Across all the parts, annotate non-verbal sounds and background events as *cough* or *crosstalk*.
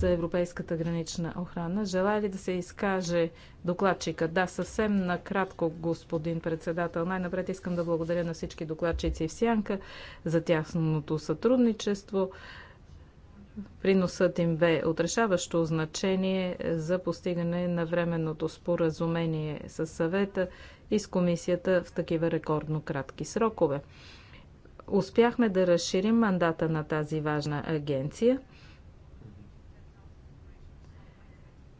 За европейската гранична охрана. Желая ли да се изкаже докладчика? Да, съвсем накратко, господин председател. Най-напред искам да благодаря на всички докладчици в Сянка за тяхното сътрудничество. Приносът им бе отрешаващо значение за постигане на временното споразумение с съвета и с комисията в такива рекордно кратки срокове успяхме да разширим мандата на тази важна агенция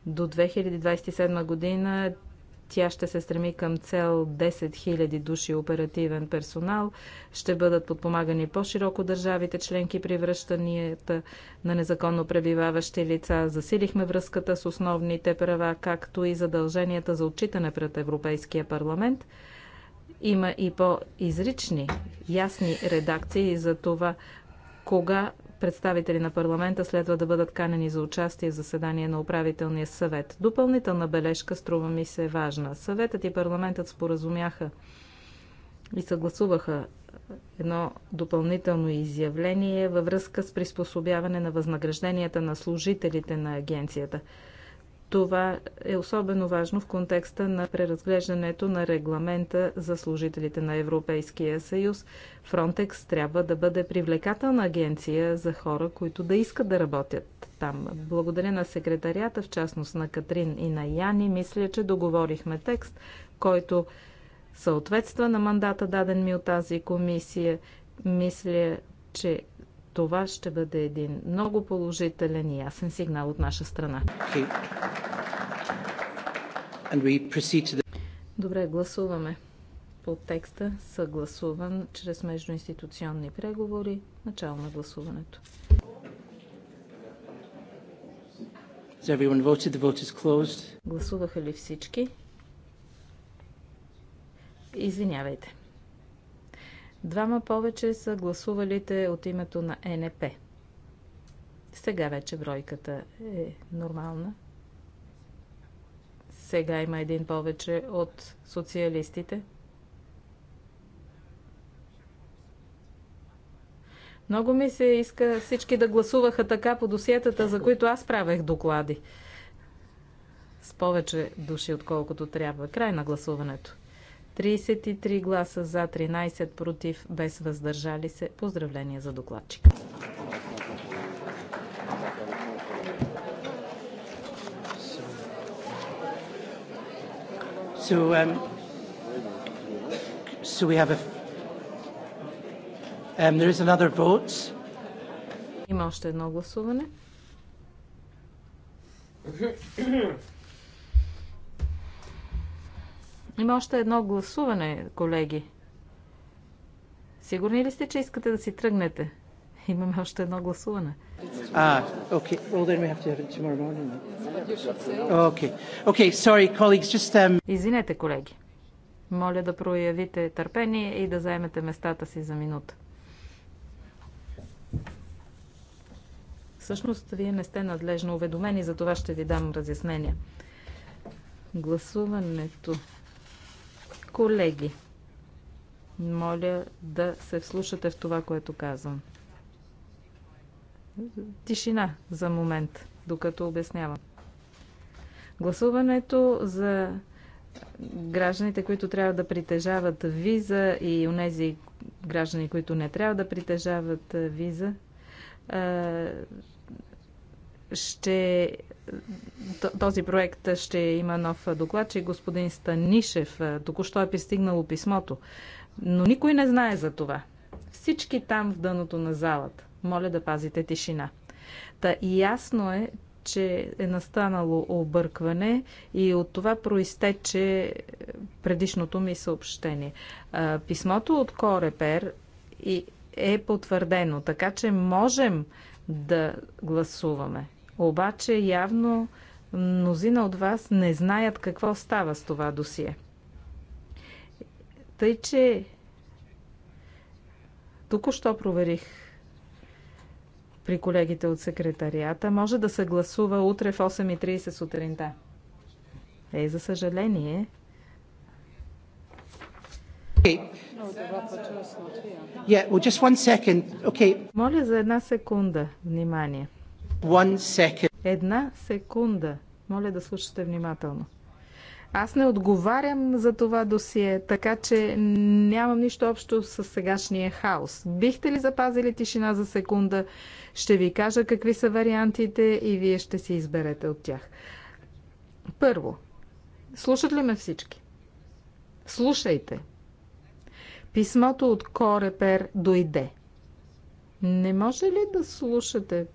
до 2027 година тя ще се стреми към цел 10 000 души оперативен персонал. Ще бъдат подпомагани по-широко държавите членки при връщанията на незаконно пребиваващи лица. Засилихме връзката с основните права, както и задълженията за отчитане пред Европейския парламент – има и по-изрични, ясни редакции за това кога представители на парламента следва да бъдат канени за участие в заседание на управителния съвет. Допълнителна бележка струва ми се е важна. Съветът и парламентът споразумяха и съгласуваха едно допълнително изявление във връзка с приспособяване на възнагражденията на служителите на агенцията. Това е особено важно в контекста на преразглеждането на регламента за служителите на Европейския съюз. Фронтекс трябва да бъде привлекателна агенция за хора, които да искат да работят там. Благодаря на секретарията, в частност на Катрин и на Яни. Мисля, че договорихме текст, който съответства на мандата даден ми от тази комисия. Мисля, че това ще бъде един много положителен и ясен сигнал от наша страна. Добре, гласуваме по текста, съгласуван чрез междуинституционни преговори, начало на гласуването. Гласуваха ли всички? Извинявайте. Двама повече са гласувалите от името на НП. Сега вече бройката е нормална. Сега има един повече от социалистите. Много ми се иска всички да гласуваха така по досиетата, за които аз правех доклади. С повече души, отколкото трябва. Край на гласуването. 33 гласа за, 13 против, без въздържали се. Поздравления за докладчика. So, um, so we have a, um, there is another vote. Има още едно гласуване. *coughs* Има още едно гласуване, колеги. Сигурни ли сте, че искате да си тръгнете? Имаме още едно гласуване. А, окей. Well, then we have to have it tomorrow morning. Okay. Okay, sorry, colleagues, just... Um... Извинете, колеги. Моля да проявите търпение и да заемете местата си за минута. Всъщност, вие не сте надлежно уведомени, за това ще ви дам разяснение. Гласуването Колеги, моля да се вслушате в това, което казвам. Тишина за момент, докато обяснявам. Гласуването за гражданите, които трябва да притежават виза и онези граждани, които не трябва да притежават виза, ще този проект ще има нов доклад, че господин Станишев току-що е пристигнало писмото. Но никой не знае за това. Всички там в дъното на залата. Моля да пазите тишина. Та ясно е, че е настанало объркване и от това проистече предишното ми съобщение. Писмото от Корепер е потвърдено, така че можем да гласуваме. Обаче явно мнозина от вас не знаят какво става с това досие. Тъй, че току-що проверих при колегите от секретарията. Може да се гласува утре в 8.30 сутринта. Е, за съжаление. Okay. Yeah, well, okay. Моля за една секунда. Внимание. Една секунда. Моля да слушате внимателно. Аз не отговарям за това досие, така че нямам нищо общо с сегашния хаос. Бихте ли запазили тишина за секунда? Ще ви кажа какви са вариантите и вие ще си изберете от тях. Първо, слушат ли ме всички? Слушайте. Писмото от Корепер дойде. Не може ли да слушате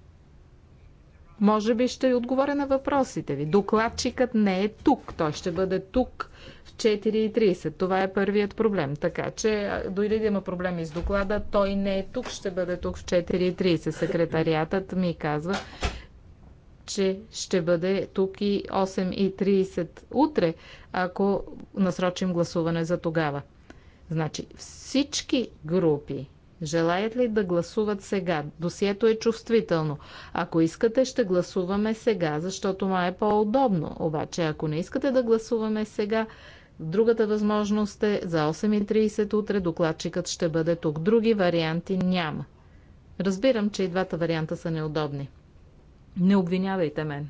може би ще отговоря на въпросите ви. Докладчикът не е тук. Той ще бъде тук в 4.30. Това е първият проблем. Така че, дойде да има проблеми с доклада, той не е тук, ще бъде тук в 4.30. Секретариатът ми казва, че ще бъде тук и 8.30 утре, ако насрочим гласуване за тогава. Значи всички групи Желаят ли да гласуват сега? Досието е чувствително. Ако искате, ще гласуваме сега, защото ма е по-удобно. Обаче, ако не искате да гласуваме сега, другата възможност е за 8.30 утре докладчикът ще бъде тук. Други варианти няма. Разбирам, че и двата варианта са неудобни. Не обвинявайте мен.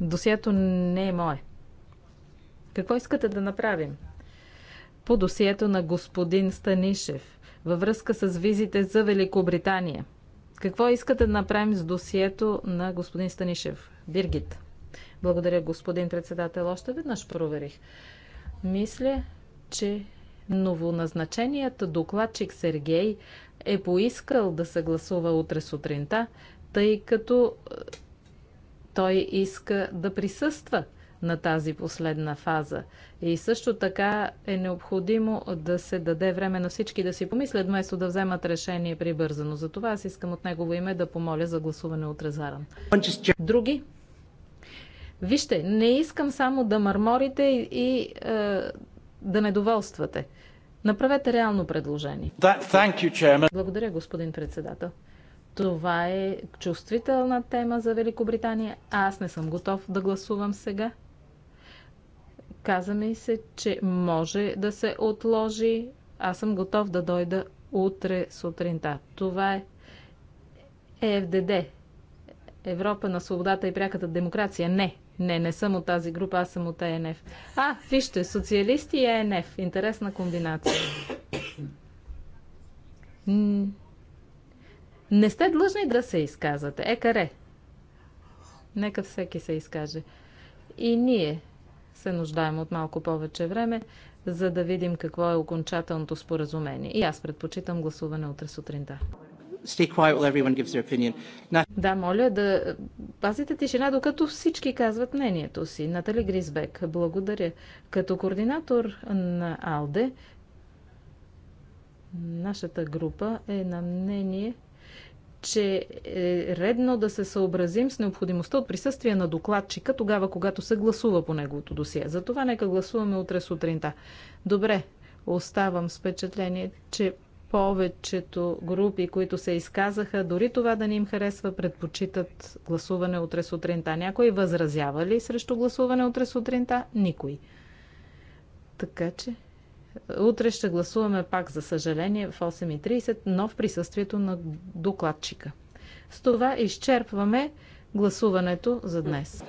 Досието не е мое. Какво искате да направим? по досието на господин Станишев във връзка с визите за Великобритания. Какво искате да направим с досието на господин Станишев? Биргит. Благодаря, господин председател. Още веднъж проверих. Мисля, че новоназначеният докладчик Сергей е поискал да се гласува утре сутринта, тъй като е, той иска да присъства на тази последна фаза. И също така е необходимо да се даде време на всички да си помислят, вместо да вземат решение прибързано. Затова аз искам от негово име да помоля за гласуване от Резаран. Други? Вижте, не искам само да мърморите и, и е, да недоволствате. Направете реално предложение. You, Благодаря, господин председател. Това е чувствителна тема за Великобритания. аз не съм готов да гласувам сега. Каза ми се, че може да се отложи. Аз съм готов да дойда утре сутринта. Това е ЕФДД. Европа на свободата и пряката демокрация. Не, не, не съм от тази група, аз съм от ЕНФ. А, вижте, социалисти и ЕНФ. Интересна комбинация. Не сте длъжни да се изказвате. Екаре. Нека всеки се изкаже. И ние се нуждаем от малко повече време, за да видим какво е окончателното споразумение. И аз предпочитам гласуване утре сутринта. Да, моля да пазите тишина, докато всички казват мнението си. Натали Гризбек, благодаря. Като координатор на АЛДЕ, нашата група е на мнение, че е редно да се съобразим с необходимостта от присъствие на докладчика тогава, когато се гласува по неговото досие. Затова нека гласуваме утре сутринта. Добре, оставам с впечатление, че повечето групи, които се изказаха, дори това да не им харесва, предпочитат гласуване утре сутринта. Някой възразява ли срещу гласуване утре сутринта? Никой. Така че Утре ще гласуваме пак, за съжаление, в 8.30, но в присъствието на докладчика. С това изчерпваме гласуването за днес.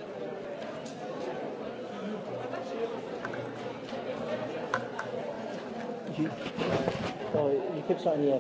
you could sign the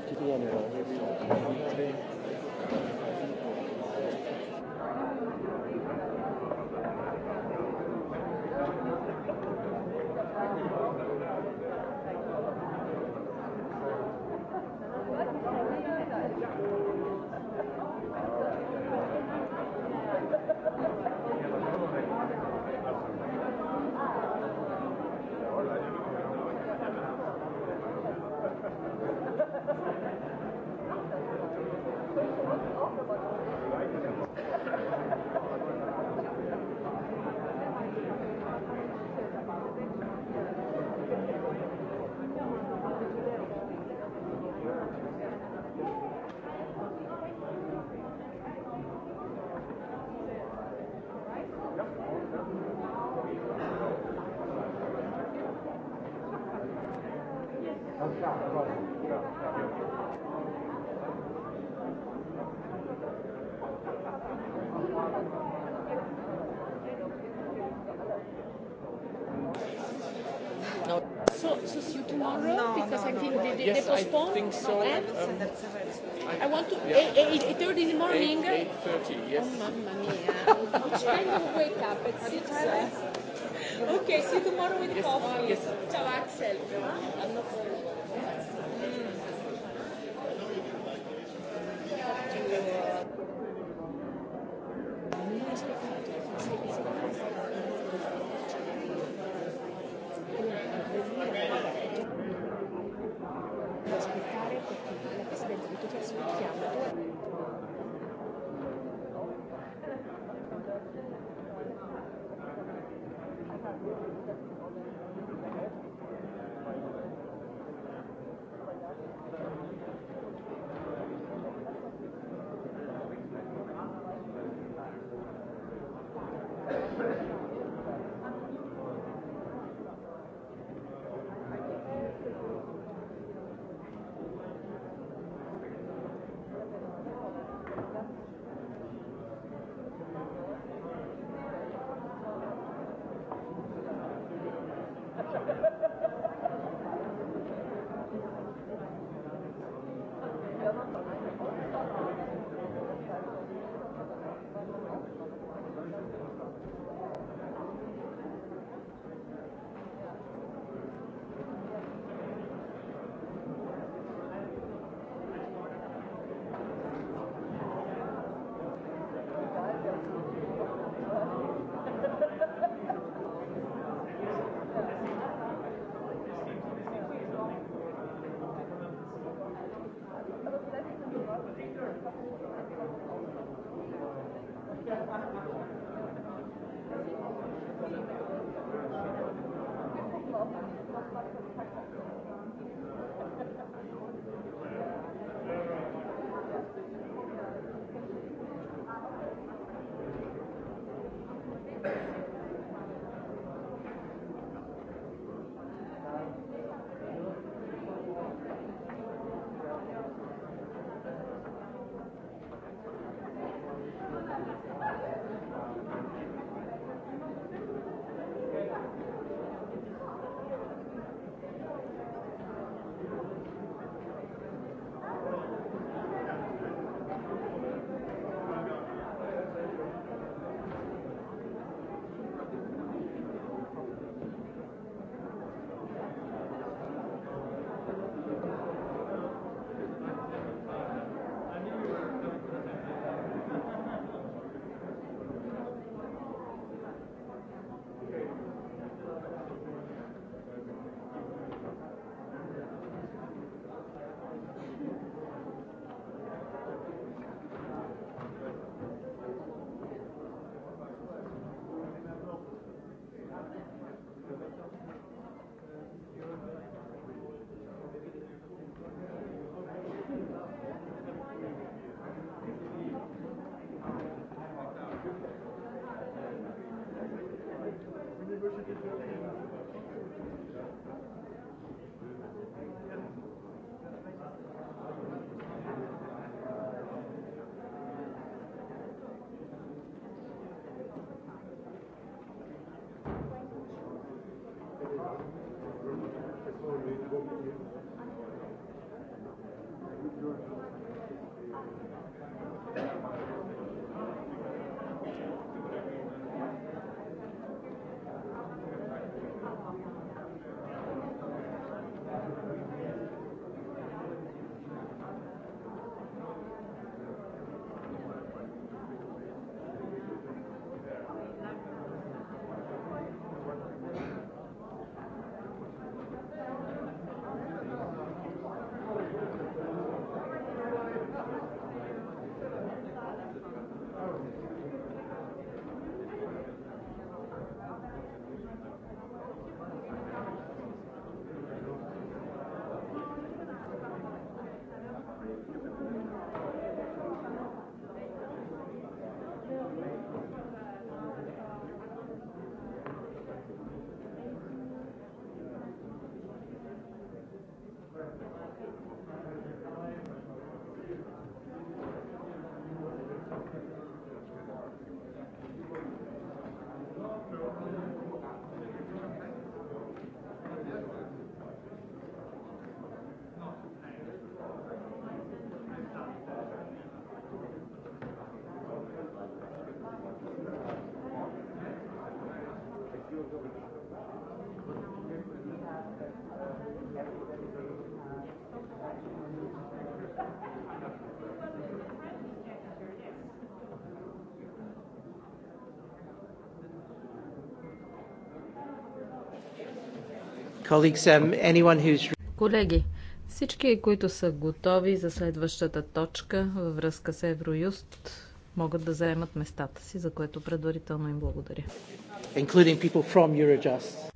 Um, Колеги, всички, които са готови за следващата точка във връзка с Евроюст, могат да заемат местата си, за което предварително им благодаря.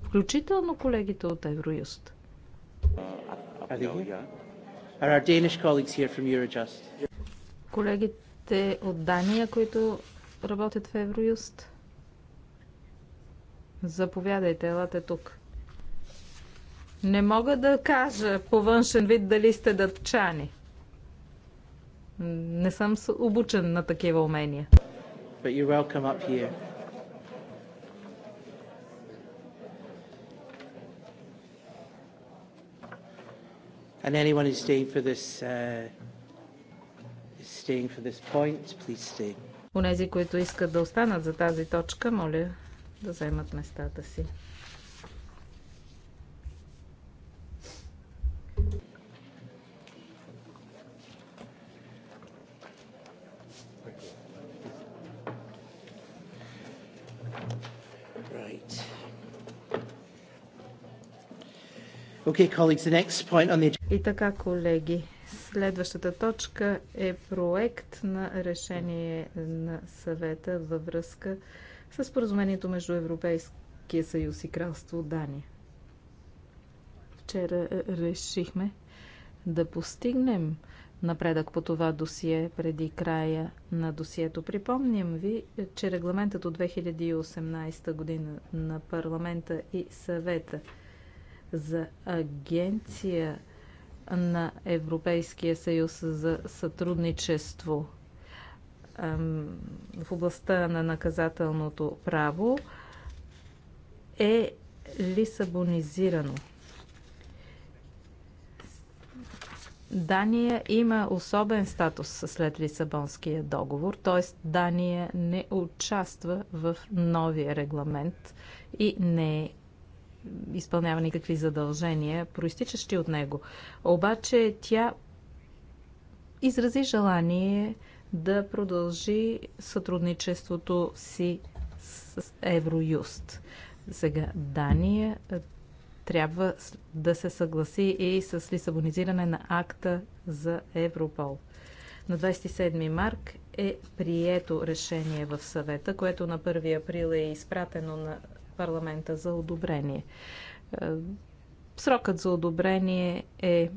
Включително колегите от Евроюст. Колегите от Дания, които работят в Евроюст, заповядайте, елате тук. Не мога да кажа по външен вид дали сте дъпчани. Не съм обучен на такива умения. But you're welcome up here. And anyone who's staying for this, uh, is staying for this point, please stay. Унези, които искат да останат за тази точка, моля да вземат местата си. Okay, colleagues, the next point on the... И така, колеги, следващата точка е проект на решение на съвета във връзка с споразумението между Европейския съюз и кралство Дания. Вчера е, решихме да постигнем напредък по това досие преди края на досието. Припомням ви, че регламентът от 2018 година на парламента и съвета – за агенция на Европейския съюз за сътрудничество в областта на наказателното право е лисабонизирано. Дания има особен статус след Лисабонския договор, т.е. Дания не участва в новия регламент и не е изпълнява никакви задължения, проистичащи от него. Обаче тя изрази желание да продължи сътрудничеството си с Евроюст. Сега Дания е, трябва да се съгласи и с лисабонизиране на акта за Европол. На 27 марк е прието решение в съвета, което на 1 април е изпратено на парламента за одобрение. Е, срокът за одобрение е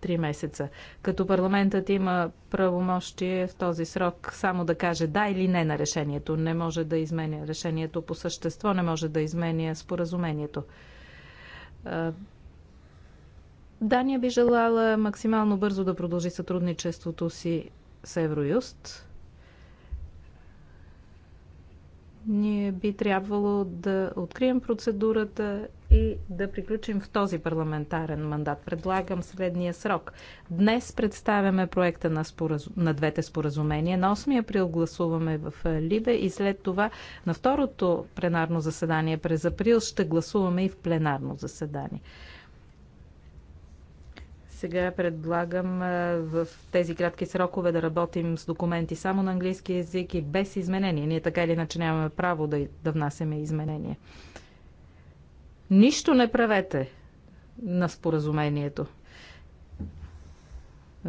3 месеца. Като парламентът има правомощие в този срок само да каже да или не на решението. Не може да изменя решението по същество, не може да изменя споразумението. Е, Дания би желала максимално бързо да продължи сътрудничеството си с Евроюст. Ние би трябвало да открием процедурата и да приключим в този парламентарен мандат. Предлагам следния срок. Днес представяме проекта на, споразу... на двете споразумения. На 8 април гласуваме в Либе и след това на второто пленарно заседание през април ще гласуваме и в пленарно заседание. Сега предлагам в тези кратки срокове да работим с документи само на английски язик и без изменения. Ние така или иначе нямаме право да, да внасяме изменения. Нищо не правете на споразумението.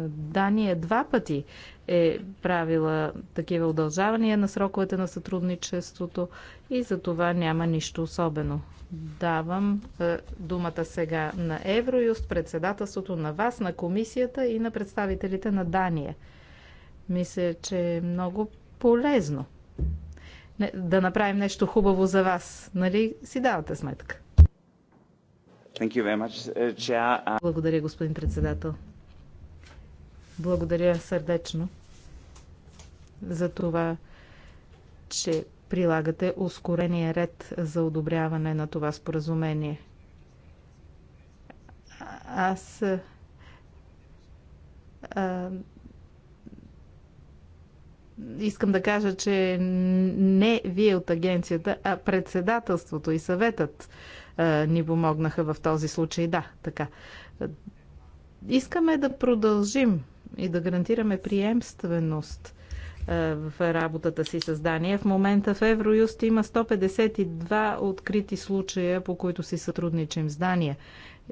Дания два пъти е правила такива удължавания на сроковете на сътрудничеството и за това няма нищо особено. Давам е, думата сега на Евроюст, председателството на вас, на комисията и на представителите на Дания. Мисля, че е много полезно Не, да направим нещо хубаво за вас. Нали си давате сметка? Uh, Благодаря, господин председател. Благодаря сърдечно за това, че прилагате ускорения ред за одобряване на това споразумение. Аз а, искам да кажа, че не вие от агенцията, а председателството и съветът а, ни помогнаха в този случай. Да, така. Искаме да продължим и да гарантираме приемственост в работата си създание. В момента в Евроюст има 152 открити случая, по които си сътрудничим с Дания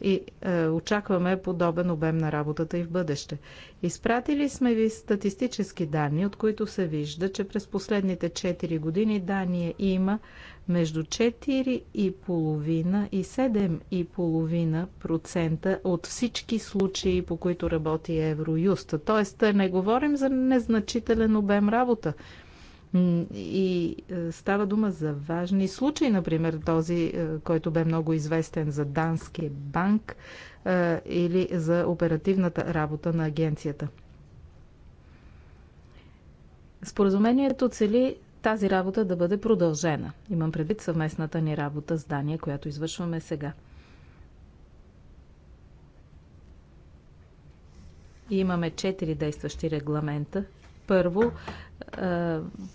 и е, очакваме подобен обем на работата и в бъдеще. Изпратили сме ви статистически данни, от които се вижда, че през последните 4 години Дания има между 4,5 и 7,5% от всички случаи, по които работи Евроюст. Тоест, не говорим за незначителен обем работа. И е, става дума за важни случаи, например този, е, който бе много известен за Данския банк е, или за оперативната работа на агенцията. Споразумението цели тази работа да бъде продължена. Имам предвид съвместната ни работа с Дания, която извършваме сега. И имаме четири действащи регламента. Първо, е,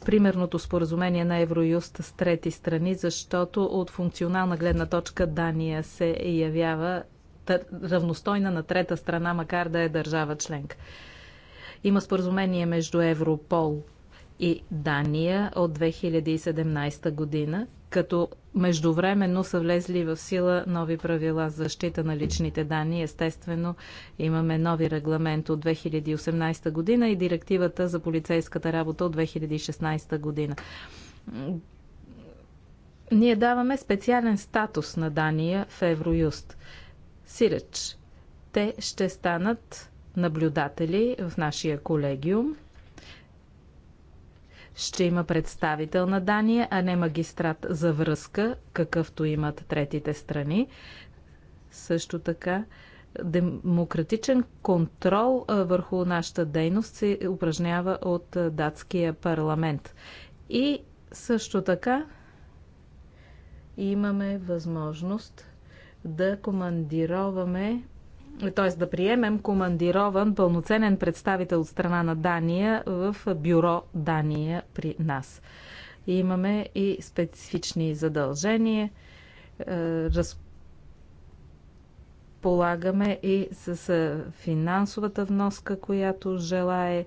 примерното споразумение на Евроюст с трети страни, защото от функционална гледна точка Дания се явява равностойна на трета страна, макар да е държава членка. Има споразумение между Европол и Дания от 2017 година, като междувременно са влезли в сила нови правила за защита на личните данни. Естествено, имаме нови регламент от 2018 година и директивата за полицейската работа от 2016 година. Ние даваме специален статус на Дания в Евроюст. Сиреч, те ще станат наблюдатели в нашия колегиум – ще има представител на Дания, а не магистрат за връзка, какъвто имат третите страни. Също така, демократичен контрол върху нашата дейност се упражнява от датския парламент. И също така имаме възможност да командироваме т.е. да приемем командирован пълноценен представител от страна на Дания в бюро Дания при нас. Имаме и специфични задължения. Е, разполагаме и с финансовата вноска, която желае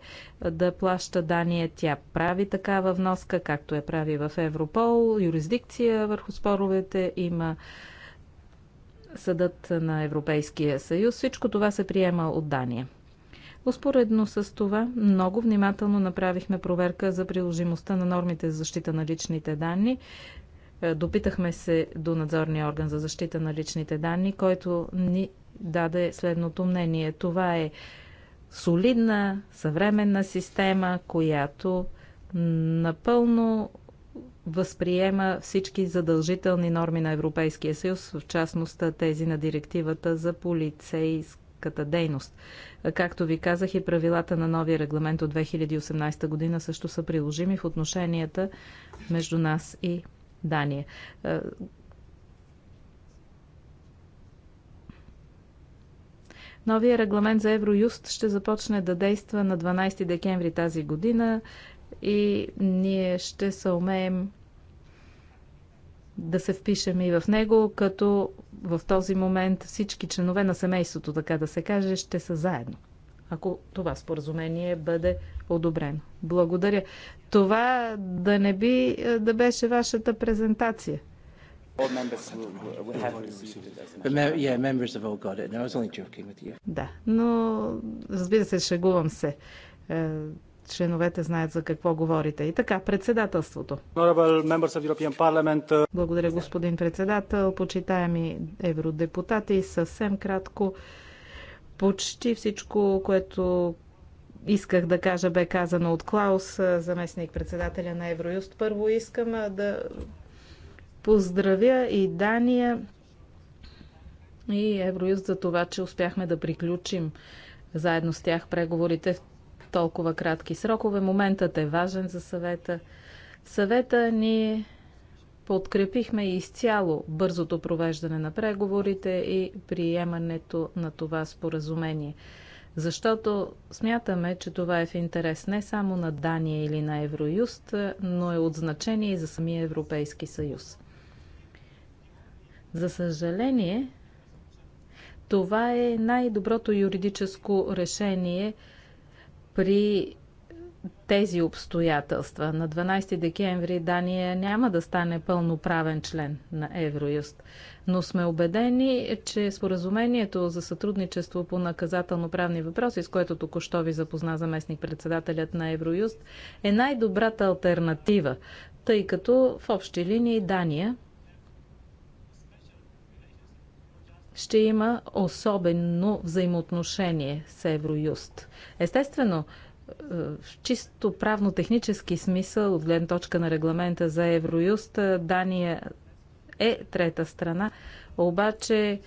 да плаща Дания. Тя прави такава вноска, както я прави в Европол. Юрисдикция върху споровете има Съдът на Европейския съюз. Всичко това се приема от Дания. Успоредно с това, много внимателно направихме проверка за приложимостта на нормите за защита на личните данни. Е, допитахме се до надзорния орган за защита на личните данни, който ни даде следното мнение. Това е солидна, съвременна система, която напълно възприема всички задължителни норми на Европейския съюз, в частност тези на директивата за полицейската дейност. Както ви казах и правилата на новия регламент от 2018 година също са приложими в отношенията между нас и Дания. Новия регламент за Евроюст ще започне да действа на 12 декември тази година и ние ще съумеем да се впишем и в него, като в този момент всички членове на семейството, така да се каже, ще са заедно, ако това споразумение бъде одобрено. Благодаря. Това да не би е, да беше вашата презентация. Да, но разбира се, шегувам се. Е, членовете знаят за какво говорите. И така, председателството. Uh, Благодаря, господин председател. Почитаеми евродепутати, съвсем кратко. Почти всичко, което исках да кажа, бе казано от Клаус, uh, заместник председателя на Евроюст. Първо искам uh, да поздравя и Дания и Евроюст за това, че успяхме да приключим заедно с тях преговорите в толкова кратки срокове. Моментът е важен за съвета. Съвета ни подкрепихме изцяло бързото провеждане на преговорите и приемането на това споразумение. Защото смятаме, че това е в интерес не само на Дания или на Евроюст, но е от значение и за самия Европейски съюз. За съжаление, това е най-доброто юридическо решение – при тези обстоятелства. На 12 декември Дания няма да стане пълноправен член на Евроюст, но сме убедени, че споразумението за сътрудничество по наказателно-правни въпроси, с което току-що ви запозна заместник-председателят на Евроюст, е най-добрата альтернатива, тъй като в общи линии Дания ще има особено взаимоотношение с Евроюст. Естествено, в е, чисто правно-технически смисъл, от гледна точка на регламента за Евроюст, е, Дания е трета страна, обаче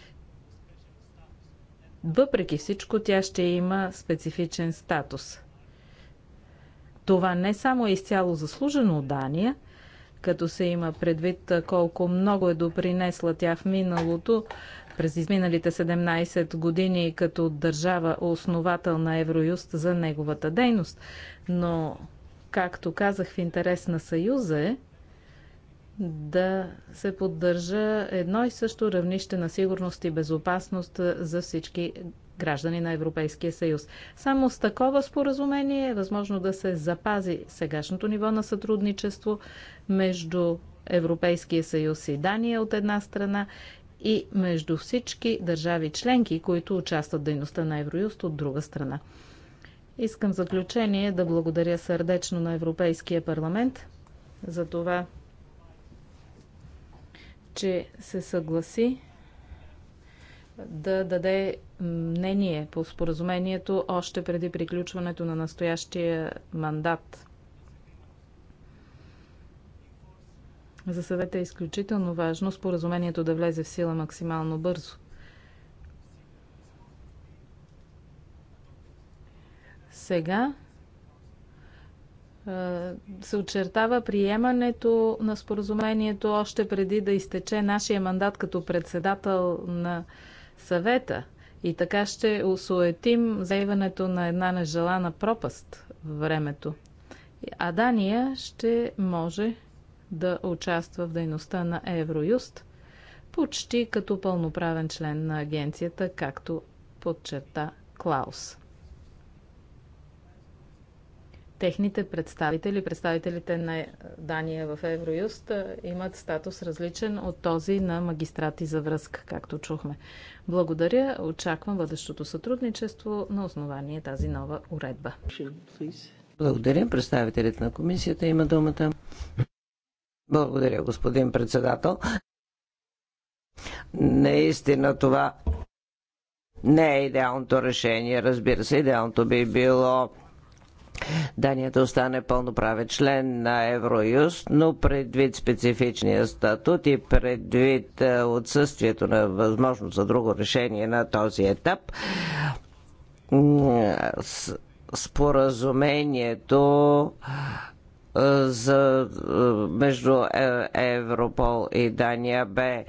въпреки всичко тя ще има специфичен статус. Това не само е изцяло заслужено от Дания, като се има предвид колко много е допринесла тя в миналото през изминалите 17 години като държава основател на Евроюст за неговата дейност. Но, както казах, в интерес на Съюза е да се поддържа едно и също равнище на сигурност и безопасност за всички граждани на Европейския съюз. Само с такова споразумение е възможно да се запази сегашното ниво на сътрудничество между Европейския съюз и Дания от една страна и между всички държави членки, които участват в дейността на Евроюст от друга страна. Искам заключение да благодаря сърдечно на Европейския парламент за това, че се съгласи да даде мнение по споразумението още преди приключването на настоящия мандат За съвета е изключително важно споразумението да влезе в сила максимално бързо. Сега се очертава приемането на споразумението още преди да изтече нашия мандат като председател на съвета. И така ще осуетим заиването на една нежелана пропаст в времето. А Дания ще може да участва в дейността на Евроюст, почти като пълноправен член на агенцията, както подчерта Клаус. Техните представители, представителите на Дания в Евроюст, имат статус различен от този на магистрати за връзка, както чухме. Благодаря, очаквам бъдещото сътрудничество на основание тази нова уредба. Благодаря. Представителят на комисията има думата. Благодаря, господин председател. Наистина това не е идеалното решение, разбира се. Идеалното би било Дания да остане пълноправен член на Евроюст, но предвид специфичния статут и предвид е, отсъствието на възможност за друго решение на този етап, споразумението е, за, е, между е, Европол и Дания бе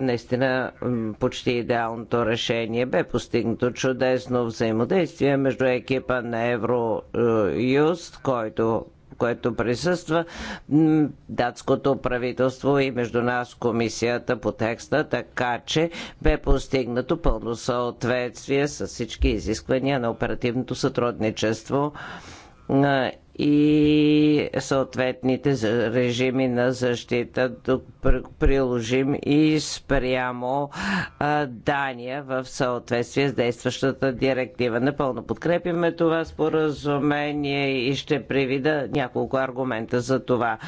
наистина почти идеалното решение. Бе постигнато чудесно взаимодействие между екипа на Евроюст, който което присъства датското правителство и между нас комисията по текста, така че бе постигнато пълно съответствие с всички изисквания на оперативното сътрудничество и съответните режими на защита, приложим и спрямо Дания в съответствие с действащата директива. Напълно подкрепиме това споразумение и ще привида няколко аргумента за това.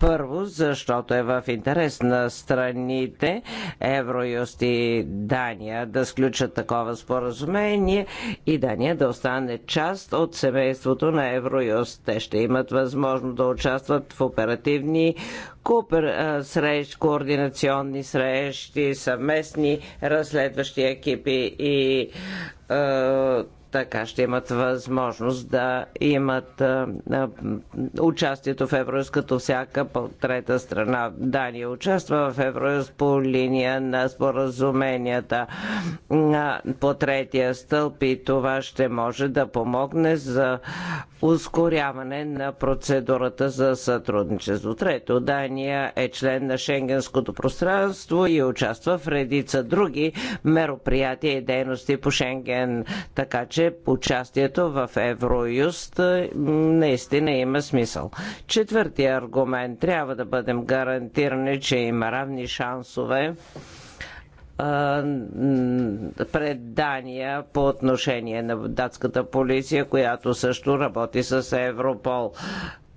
Първо, защото е в интерес на страните Евроюст и Дания да сключат такова споразумение и Дания да остане част от семейството на Евроюст ще имат възможност да участват в оперативни купер, срещ, координационни срещи, съвместни разследващи екипи и така ще имат възможност да имат участието в Евроюз като всяка трета страна. Дания участва в Евроюз по линия на споразуменията по третия стълб и това ще може да помогне за ускоряване на процедурата за сътрудничество. Трето, Дания е член на Шенгенското пространство и участва в редица други мероприятия и дейности по Шенген, така че участието в Евроюст е, наистина има смисъл. Четвъртия аргумент. Трябва да бъдем гарантирани, че има равни шансове е, предания по отношение на датската полиция, която също работи с Европол.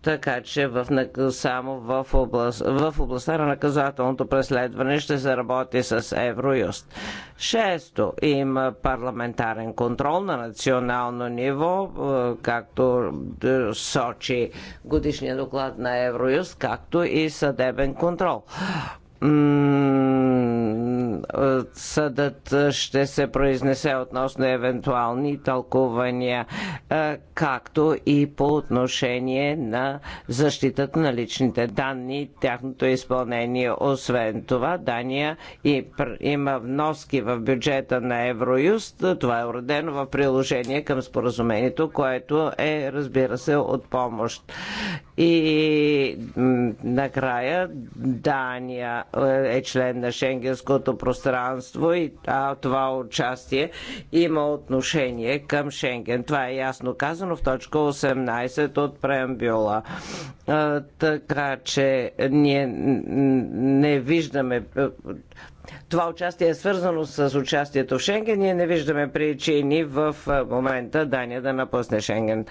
Така че в, само в, област, в областта на наказателното преследване ще се работи с Евроюст. Шесто, има парламентарен контрол на национално ниво, е, както е, сочи годишния доклад на Евроюст, както и съдебен контрол е, съдът е, ще се произнесе относно евентуални тълкувания, е, както и по отношение на защитата на личните данни, тяхното изпълнение. Освен това, Дания и има вноски в бюджета на Евроюст. Това е уредено в приложение към споразумението, което е, разбира се, от помощ. И накрая Дания е, е член на Шенгенското пространство и това участие има отношение към Шенген. Това е ясно казано в точка 18 от преамбюла. Така че ние не виждаме това участие е свързано с участието в Шенген. Ние не виждаме причини в момента Дания да напусне Шенген.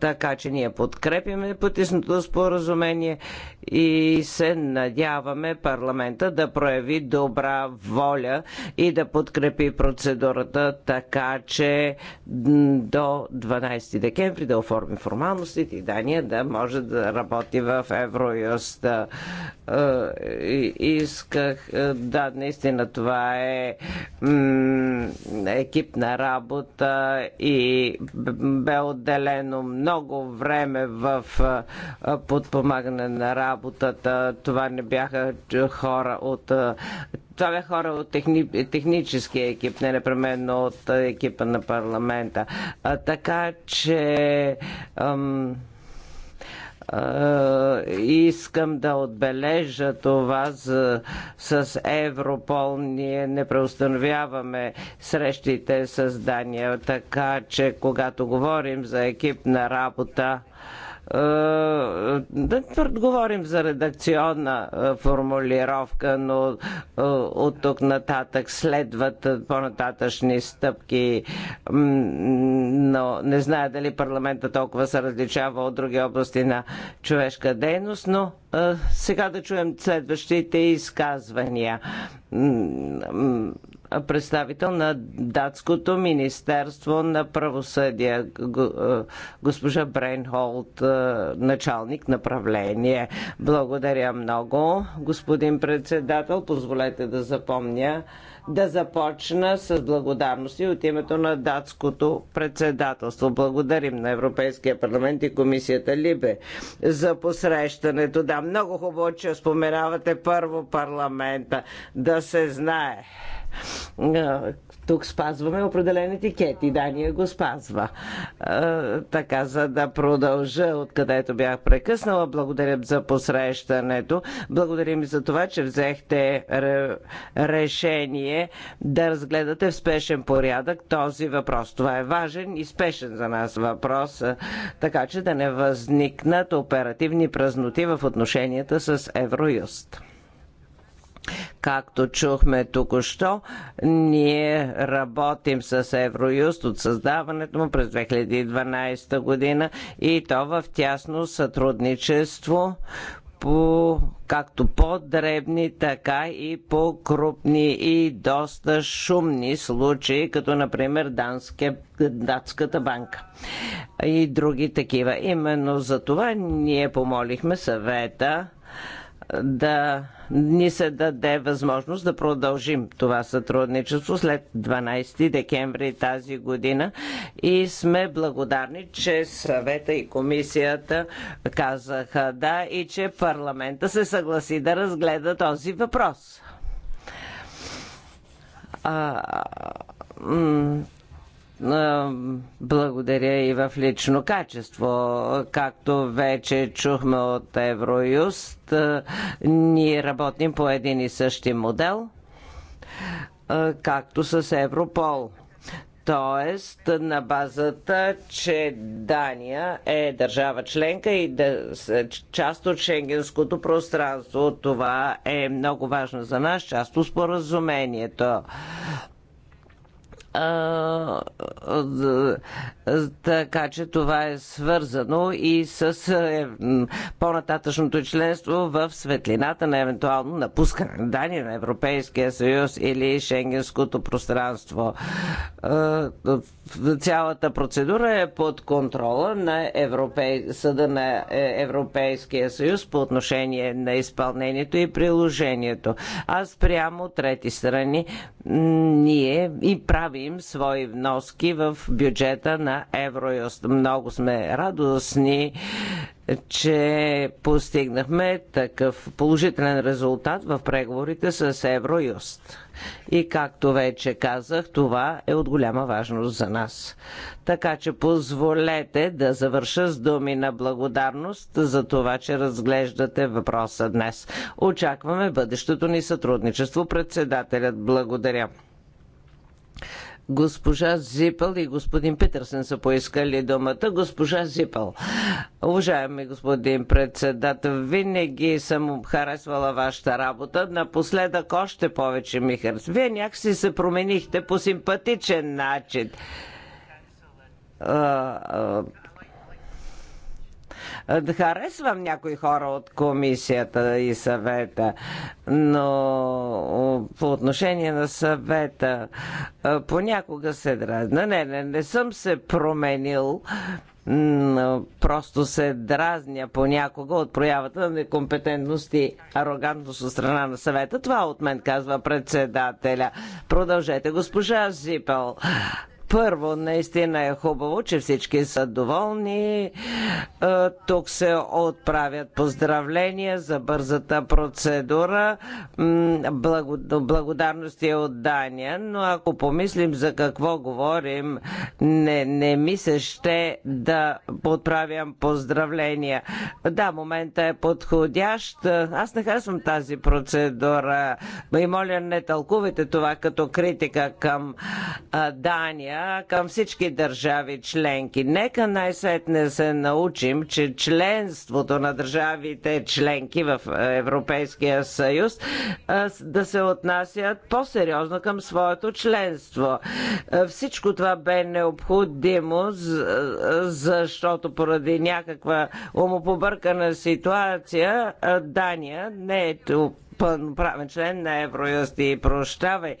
Така че ние подкрепиме потиснато споразумение и се надяваме парламента да прояви добра воля и да подкрепи процедурата така, че до 12 декември да оформи формалностите и Дания да може да работи в Евроюст. Исках да да, наистина това е екипна работа и бе отделено много време в подпомагане на работата. Това не бяха хора от това бе хора от техни, техническия екип, не непременно от екипа на парламента. А, така че. Ам, искам да отбележа това за, с Европол. Ние не преустановяваме срещите с Дания, така че когато говорим за екипна работа, е, е, да говорим за редакционна е, формулировка, но от тук нататък следват по-нататъчни стъпки, но не зная дали парламента толкова се различава от други области на човешка дейност, но сега да чуем следващите изказвания представител на датското Министерство на правосъдие, е, госпожа Брейнхолд, е, началник направление. Благодаря много, господин председател. Позволете да запомня да започна с благодарности от името на датското председателство. Благодарим на Европейския парламент и комисията Либе за посрещането. Да, много хубаво, че споменавате първо парламента. Да се знае. Тук спазваме определен етикет и Дания го спазва. Така, за да продължа откъдето бях прекъснала, благодаря за посрещането. Благодарим за това, че взехте решение да разгледате в спешен порядък този въпрос. Това е важен и спешен за нас въпрос, така че да не възникнат оперативни празноти в отношенията с Евроюст. Както чухме току-що, ние работим с Евроюст от създаването му през 2012 година и то в тясно сътрудничество по, както по-дребни, така и по-крупни и доста шумни случаи, като например Данске, Датската банка и други такива. Именно за това ние помолихме съвета да ни се даде възможност да продължим това сътрудничество след 12 декември тази година и сме благодарни, че съвета и комисията казаха да и че парламента се съгласи да разгледа този въпрос. А, благодаря и в лично качество. Както вече чухме от Евроюст, ние работим по един и същи модел, както с Европол. Тоест, на базата, че Дания е държава членка и да, част от шенгенското пространство. Това е много важно за нас, част от споразумението така че това е свързано и с е, по-нататъчното членство в светлината на евентуално напускане на Дания на Европейския съюз или Шенгенското пространство. Цялата процедура е под контрола на Европей... Съда на е, Европейския съюз по отношение на изпълнението и приложението. А спрямо трети страни ние и правим правим свои вноски в бюджета на Евроюст. Много сме радостни, че постигнахме такъв положителен резултат в преговорите с Евроюст. И както вече казах, това е от голяма важност за нас. Така че позволете да завърша с думи на благодарност за това, че разглеждате въпроса днес. Очакваме бъдещото ни сътрудничество. Председателят благодаря. Госпожа Зипъл и господин Питърсен са поискали думата. Госпожа Зипъл, уважаеми господин председател, винаги съм харесвала вашата работа. Напоследък още повече ми харесва. Вие някакси се променихте по симпатичен начин е, да харесвам някои хора от комисията и съвета, но по отношение на съвета е, понякога се дразна. Не, не, не съм се променил просто се дразня понякога от проявата на некомпетентност и арогантност от страна на съвета. Това от мен казва председателя. Продължете, госпожа Зипел. Първо, наистина е хубаво, че всички са доволни. Е, тук се отправят поздравления за бързата процедура. Благодарности от Дания, но ако помислим за какво говорим, не, не ми се ще да отправям поздравления. Да, момента е подходящ. Аз не харесвам тази процедура. И моля, не тълкувайте това като критика към Дания апела към всички държави членки. Нека най-сетне се научим, че членството на държавите членки в Европейския съюз да се отнасят по-сериозно към своето членство. Всичко това бе необходимо, защото поради някаква умопобъркана ситуация Дания не е тук пълноправен член на Евроюст и прощавай.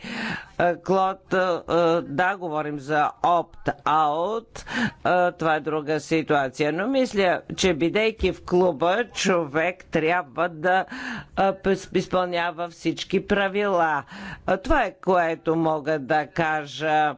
Клод, да, говорим за опт-аут, това е друга ситуация, но мисля, че бидейки в клуба, човек трябва да изпълнява всички правила. Това е което мога да кажа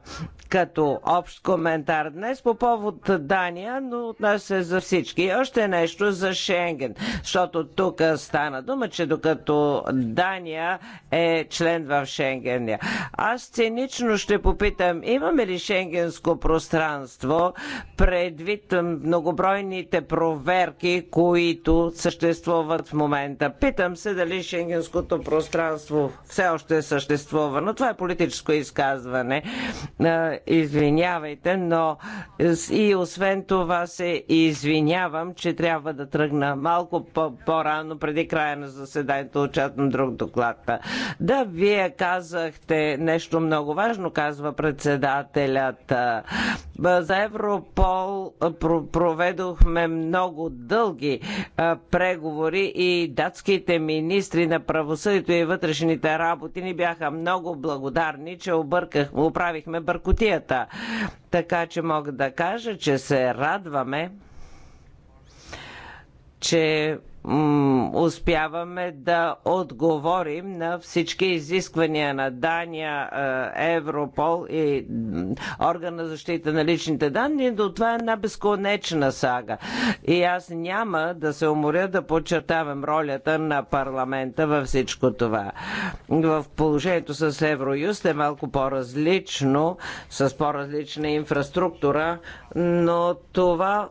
като общ коментар днес по повод Дания, но от нас е за всички. И още нещо за Шенген, защото тук стана дума, че докато Дания е член в Шенген. Аз цинично ще попитам, имаме ли шенгенско пространство предвид многобройните проверки, които съществуват в момента? Питам се дали шенгенското пространство все още съществува, но това е политическо изказване извинявайте, но е, и освен това се извинявам, че трябва да тръгна малко по-рано преди края на заседанието, очаквам друг доклад. Да, вие казахте нещо много важно, казва председателят. Е, за Европол е, проведохме много дълги е, преговори и датските министри на правосъдието и вътрешните работи ни бяха много благодарни, че обърках, оправихме бъркотията. Така че мога да кажа, че се радваме, че успяваме да отговорим на всички изисквания на Дания, е, Европол и органа защита на личните данни, до това е една безконечна сага. И аз няма да се уморя да подчертавам ролята на парламента във всичко това. В положението с Евроюст е малко по-различно, с по-различна инфраструктура, но това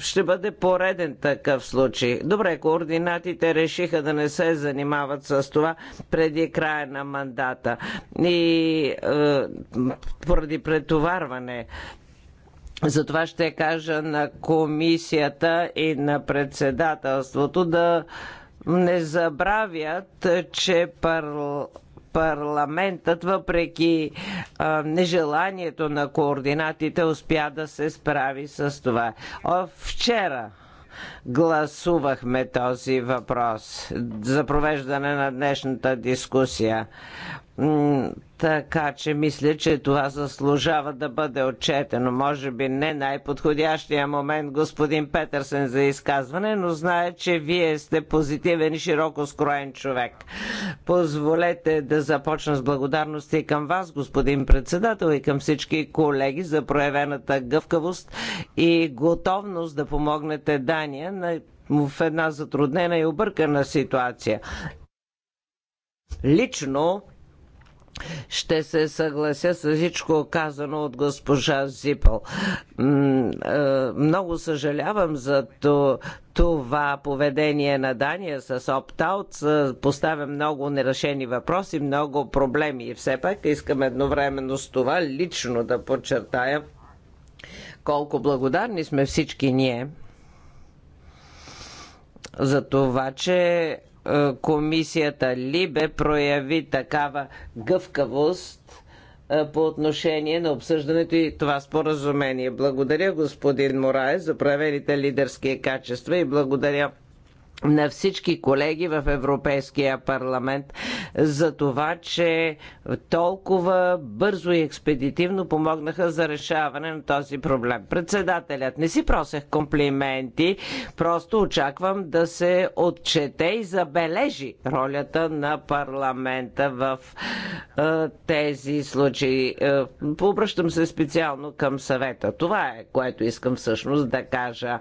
ще бъде пореден такъв случай. Добре, добре, Координатите решиха да не се занимават с това преди края на мандата. И е, поради претоварване затова ще кажа на комисията и на председателството да не забравят, че парл... парламентът, въпреки а, нежеланието на координатите, успя да се справи с това. О, вчера гласувахме този въпрос за провеждане на днешната дискусия. Така че мисля, че това заслужава да бъде отчетено. Може би не най-подходящия момент, господин Петърсен, за изказване, но знае, че вие сте позитивен и широко скроен човек. Позволете да започна с благодарности към вас, господин председател, и към всички колеги за проявената гъвкавост и готовност да помогнете Дания на в една затруднена и объркана ситуация. Лично ще се съглася с всичко казано от госпожа Зипъл. Е, много съжалявам за това поведение на Дания с опт-аут. Е, Поставя много нерешени въпроси, много проблеми. И все пак искам едновременно с това лично да подчертая колко благодарни сме всички ние за това, че е, комисията Либе прояви такава гъвкавост е, по отношение на обсъждането и това споразумение. Благодаря господин Морае за проявените лидерски качества и благодаря на всички колеги в Европейския парламент за това, че толкова бързо и експедитивно помогнаха за решаване на този проблем. Председателят, не си просех комплименти, просто очаквам да се отчете и забележи ролята на парламента в е, тези случаи. Е, обръщам се специално към съвета. Това е, което искам всъщност да кажа.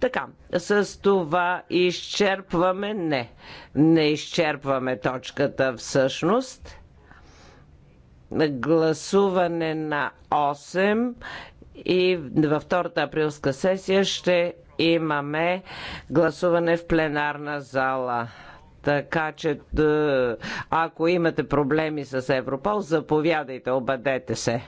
Така, с това изчерпваме. Не, не изчерпваме точката всъщност. Гласуване на 8 и във втората априлска сесия ще имаме гласуване в пленарна зала. Така че, ако имате проблеми с Европол, заповядайте, обадете се.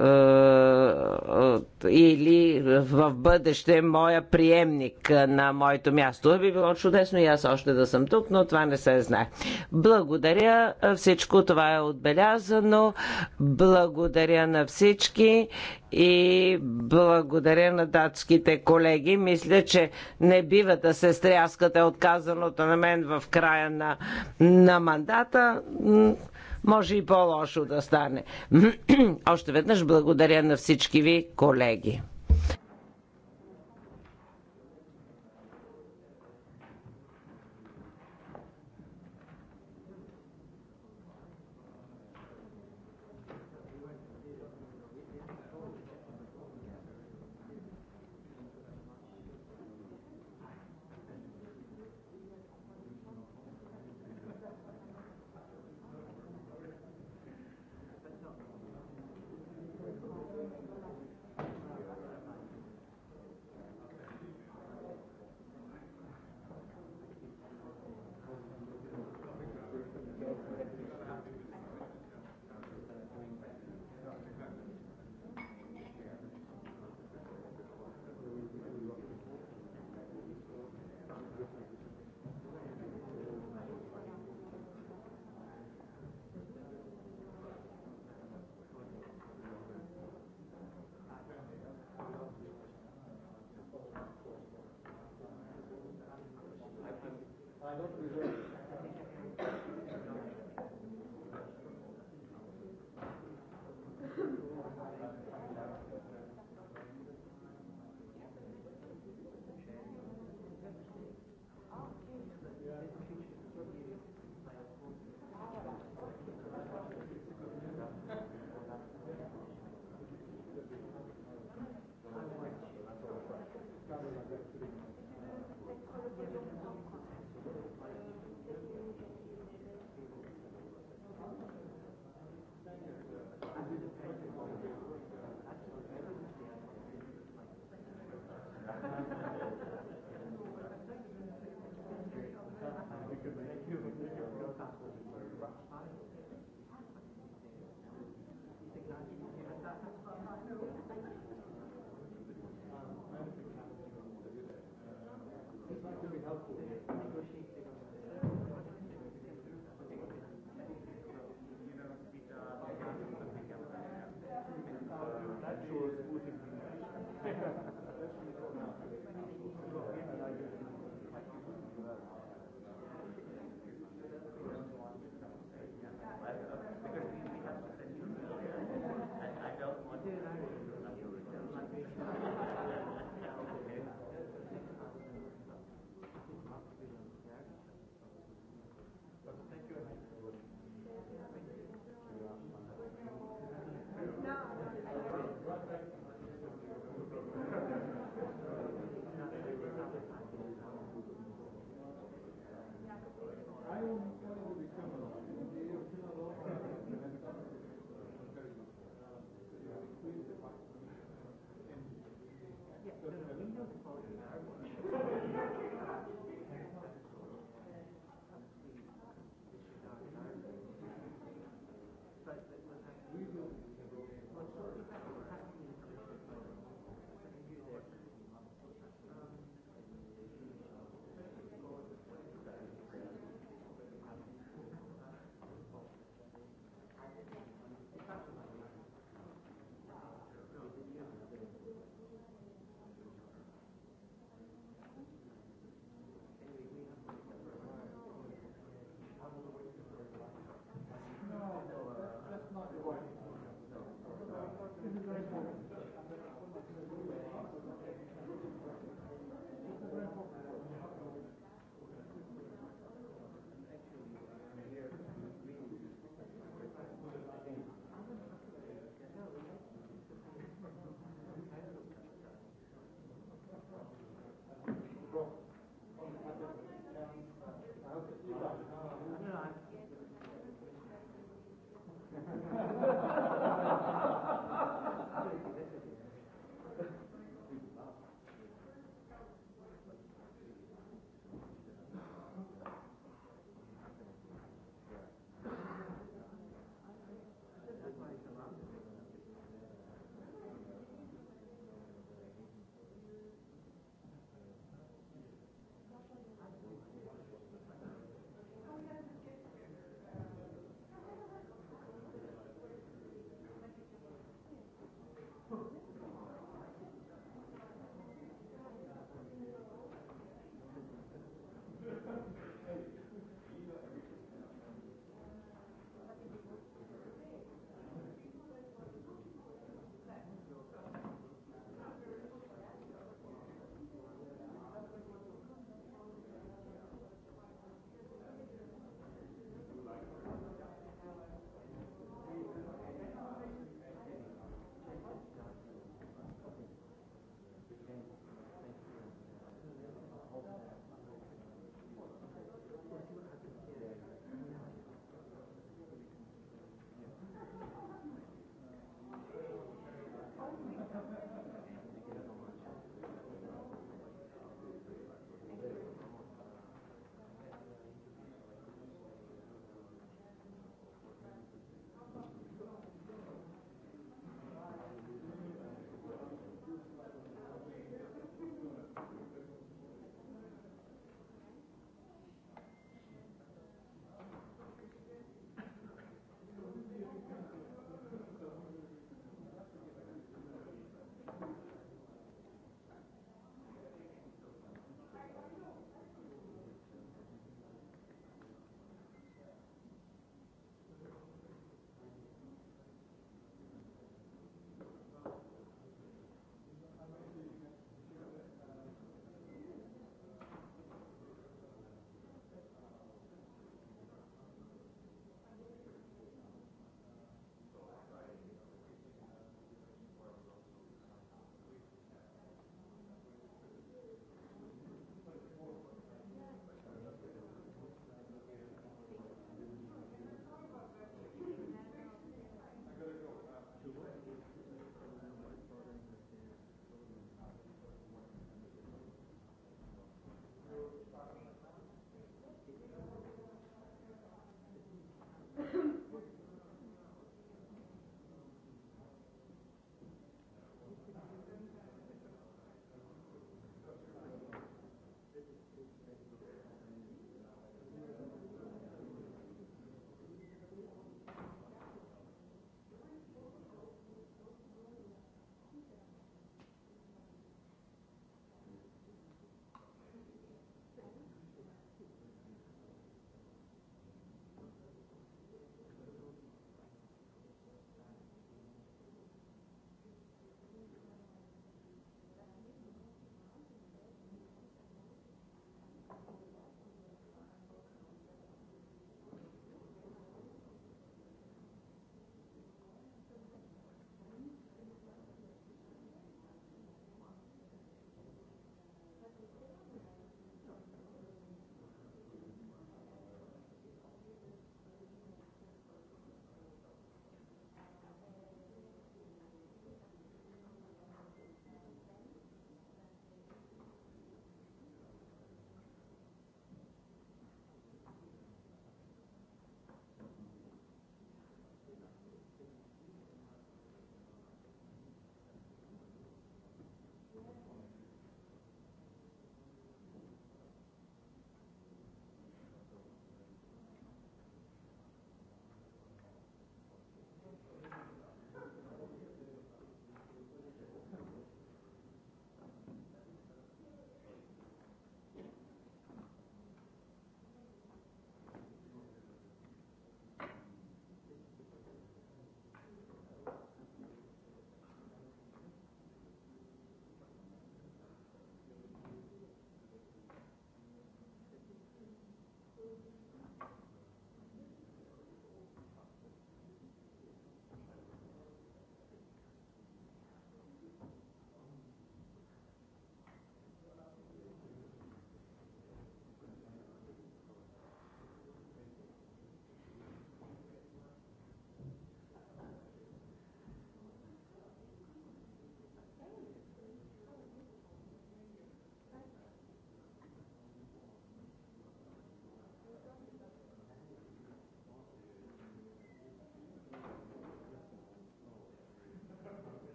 Е, или в бъдеще моя приемник на моето място. Би било чудесно и аз още да съм тук, но това не се знае. Благодаря. Е, всичко това е отбелязано. Благодаря на всички и благодаря на датските колеги. Мисля, че не бива да се стряскате отказаното на мен в края на, на мандата. Може и по-лошо да стане. *clears throat* Още веднъж благодаря на всички ви колеги. I don't reserve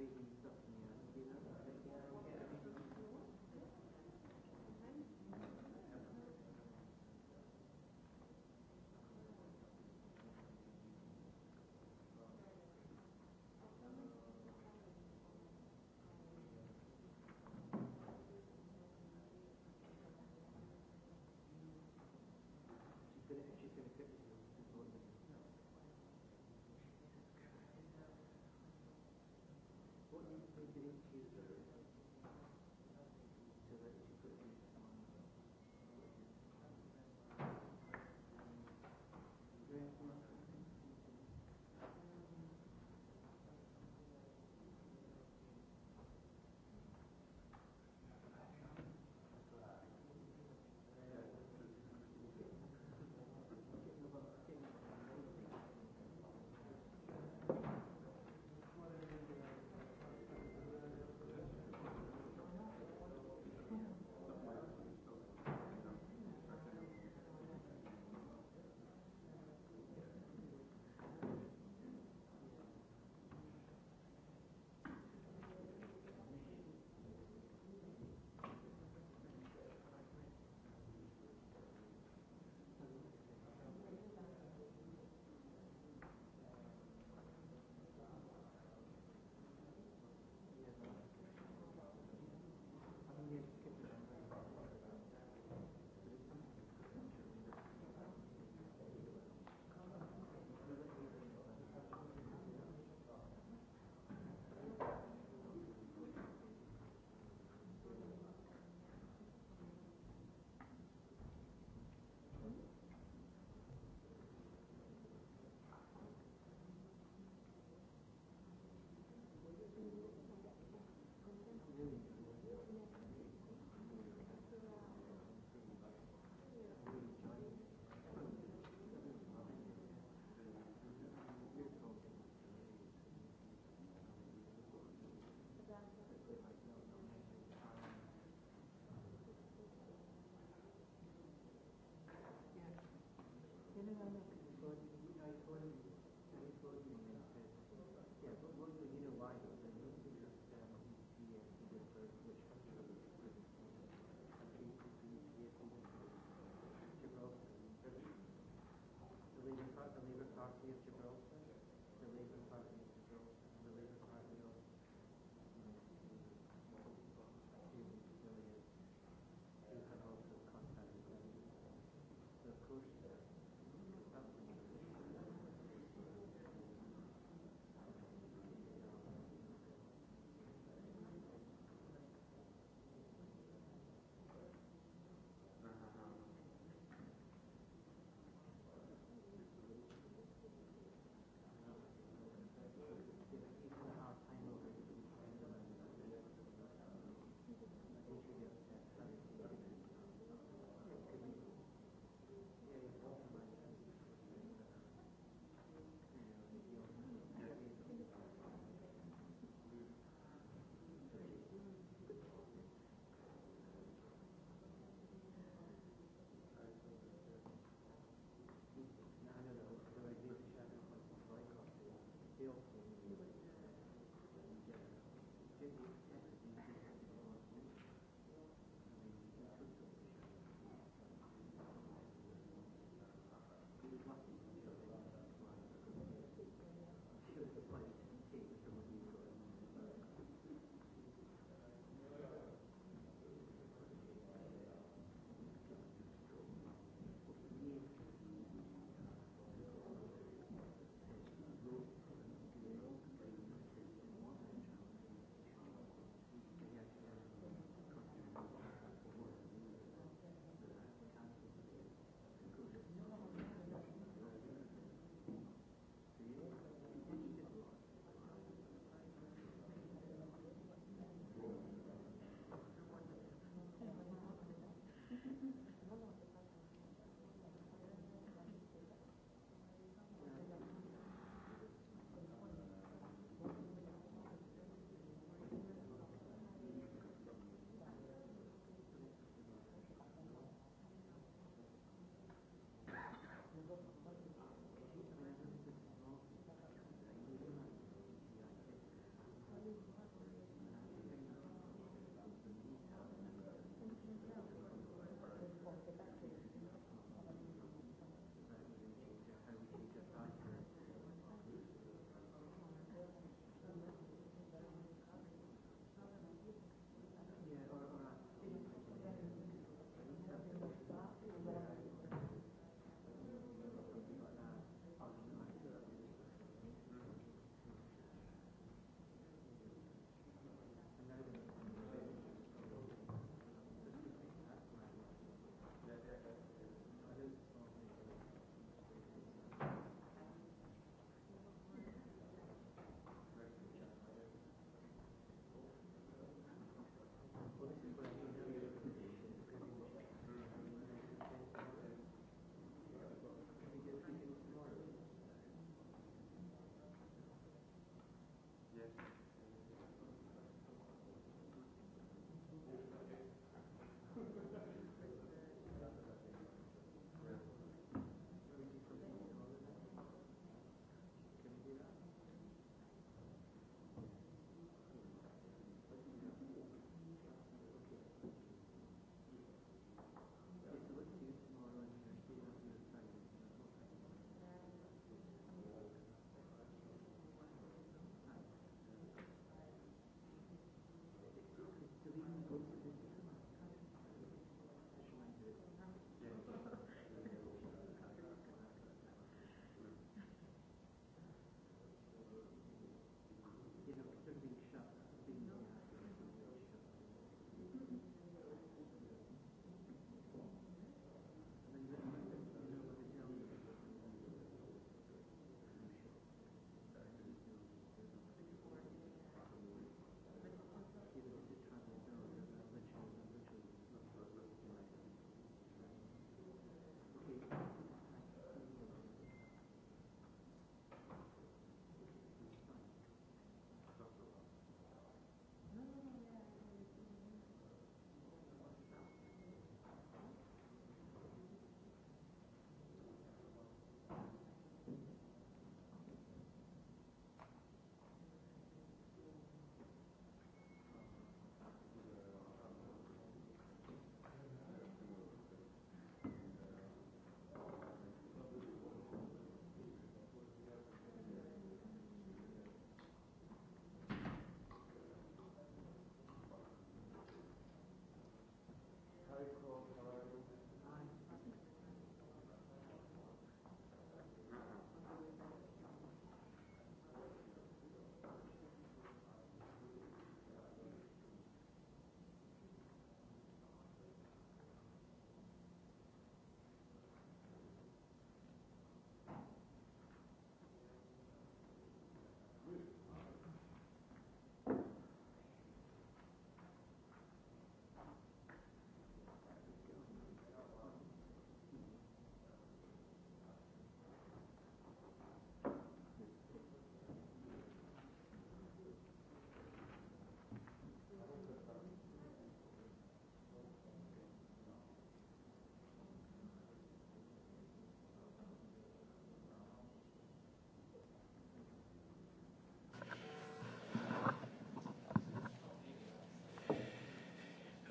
видим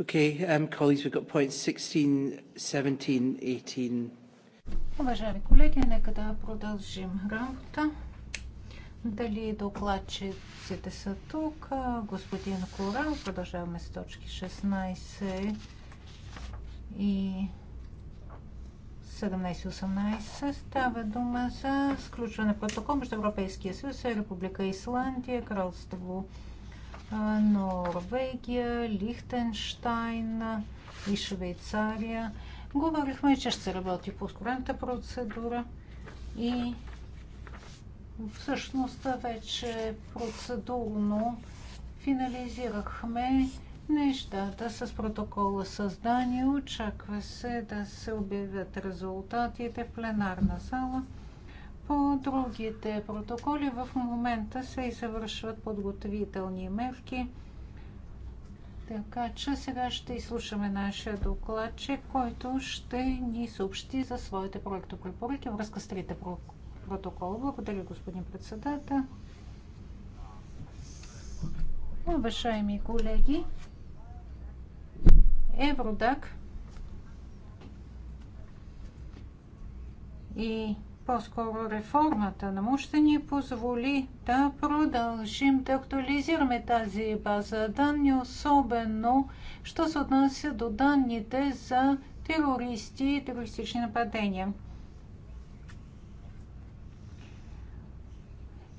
Okay, um, colleagues, we've got points 16, 17, 18. Уважаеми колеги, нека да продължим работа. Дали докладчиците са тук? Господин Корал, продължаваме с точки 16 и 17-18 става дума за сключване протокол между Европейския съюз и Република Исландия, Кралство Норвегия, Лихтенштайн и Швейцария. Говорихме, че ще се работи по ускорената процедура и всъщност вече процедурно финализирахме нещата с протокола създание. Очаква се да се обявят резултатите в пленарна зала. По другите протоколи в момента се извършват подготовителни мерки. Така че сега ще изслушаме нашия докладчик, който ще ни съобщи за своите проектопрепоръки във връзка с трите протокола. Благодаря, господин председател. Уважаеми колеги, Евродак и по-скоро реформата на му ще ни позволи да продължим да актуализираме тази база данни, особено що се отнася до данните за терористи и терористични нападения.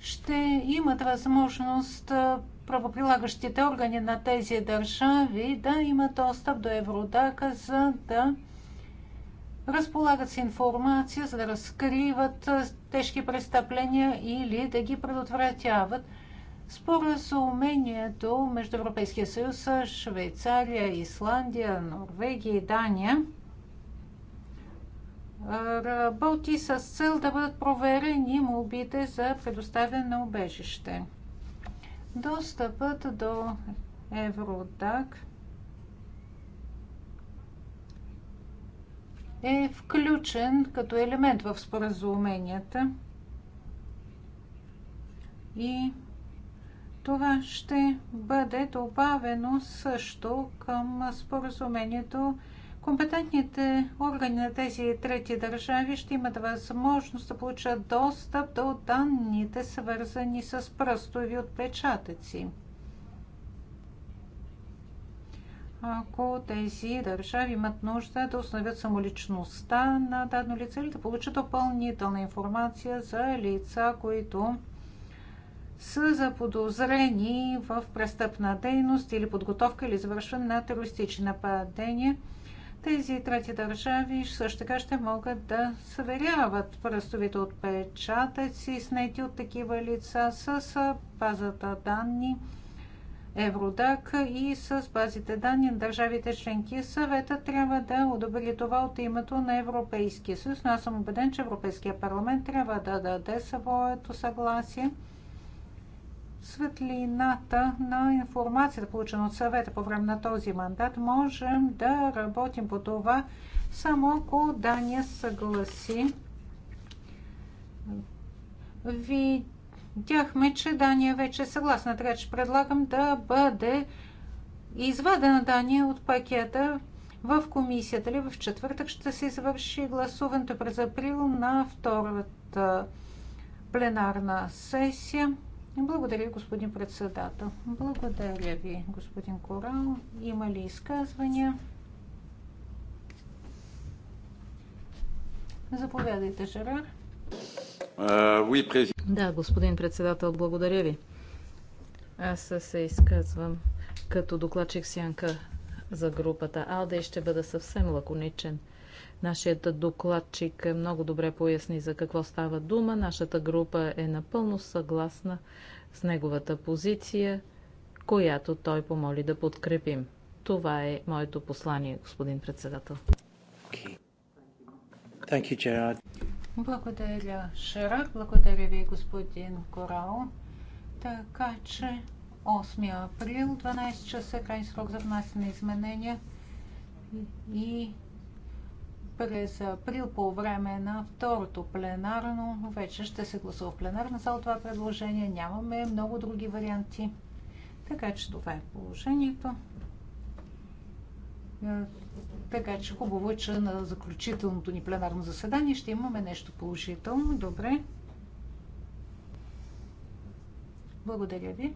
Ще имат възможност правоприлагащите органи на тези държави да имат достъп до Евродака, за да разполагат с информация, за да разкриват тежки престъпления или да ги предотвратяват. Споразумението между Европейския съюз, Швейцария, Исландия, Норвегия и Дания работи с цел да бъдат проверени молбите за предоставяне на убежище. Достъпът до Евродак – е включен като елемент в споразуменията. И това ще бъде добавено също към споразумението. Компетентните органи на тези трети държави ще имат възможност да получат достъп до данните, свързани с пръстови отпечатъци. ако тези държави имат нужда да установят самоличността на дадено лице или да получат допълнителна информация за лица, които са заподозрени в престъпна дейност или подготовка или завършване на терористични нападения. Тези трети държави също така ще могат да съверяват пръстовите отпечатъци, снети от такива лица с базата данни – Евродак и с базите данни на държавите членки. Съвета трябва да одобри това от името на Европейския съюз, но аз съм убеден, че Европейския парламент трябва да даде своето съгласие светлината на информацията, получена от съвета по време на този мандат, можем да работим по това, само ако Дания съгласи. Види видяхме, че Дания вече е съгласна, така че предлагам да бъде извадена Дания от пакета в комисията ли в четвъртък ще се извърши гласуването през април на втората пленарна сесия. Благодаря, господин председател. Благодаря ви, господин Корал. Има ли изказвания? Заповядайте, Жерар. Да, господин председател, благодаря ви. Аз се изказвам като докладчик Сянка за групата АЛДЕ и ще бъда съвсем лаконичен. Нашият докладчик много добре поясни за какво става дума. Нашата група е напълно съгласна с неговата позиция, която той помоли да подкрепим. Това е моето послание, господин председател. Okay. Thank you, Gerard. Благодаря, Шерак. Благодаря ви, господин Корал. Така че 8 април, 12 часа, е крайен срок за внасяне изменения и през април по време на второто пленарно вече ще се гласува в пленарна зал това предложение. Нямаме много други варианти. Така че това е положението. Така че хубаво е, че на заключителното ни пленарно заседание ще имаме нещо положително. Добре. Благодаря ви.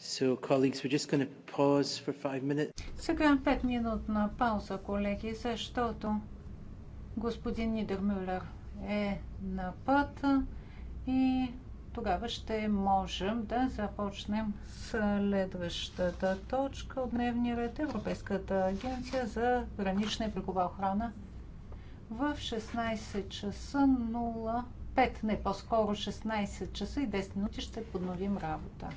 So, colleagues, we're just going to pause for five minutes. Сега минут минутна пауза, колеги, защото господин Нидермюлер е на път и тогава ще можем да започнем следващата точка от дневния ред Европейската агенция за гранична и брегова охрана в 16 часа 05, не по-скоро 16 часа и 10 минути ще подновим работа.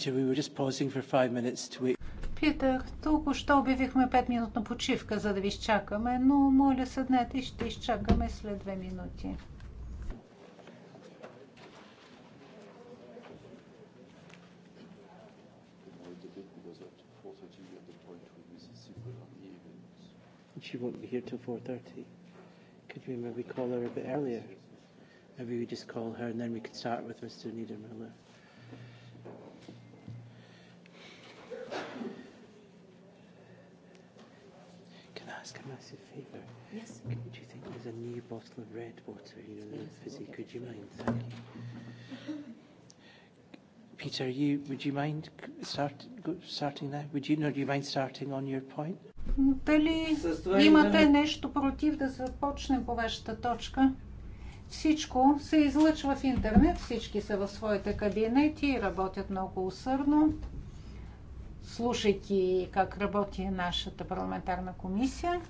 Peter, we were just pausing for five minutes to wait. Питър, току-що обявихме 5-минутна почивка, за да ви изчакаме, но моля седнете и ще изчакаме след 2 минути. She won't be here till 4.30. Could we maybe call her a bit earlier? Maybe we just call her and then we could start with Mr. Niedermüller. massive favour? Yes. Could you think there's a new bottle of red water, you know, yes, fizzy? We'll Could you mind? Thank you. Peter, you would you mind start, go, starting now? Would you, no, do you mind starting on your point? Дали имате нещо против да започнем по вашата точка? Всичко се излъчва в интернет, всички са в своите кабинети и работят много усърдно, слушайки как работи нашата парламентарна комисия.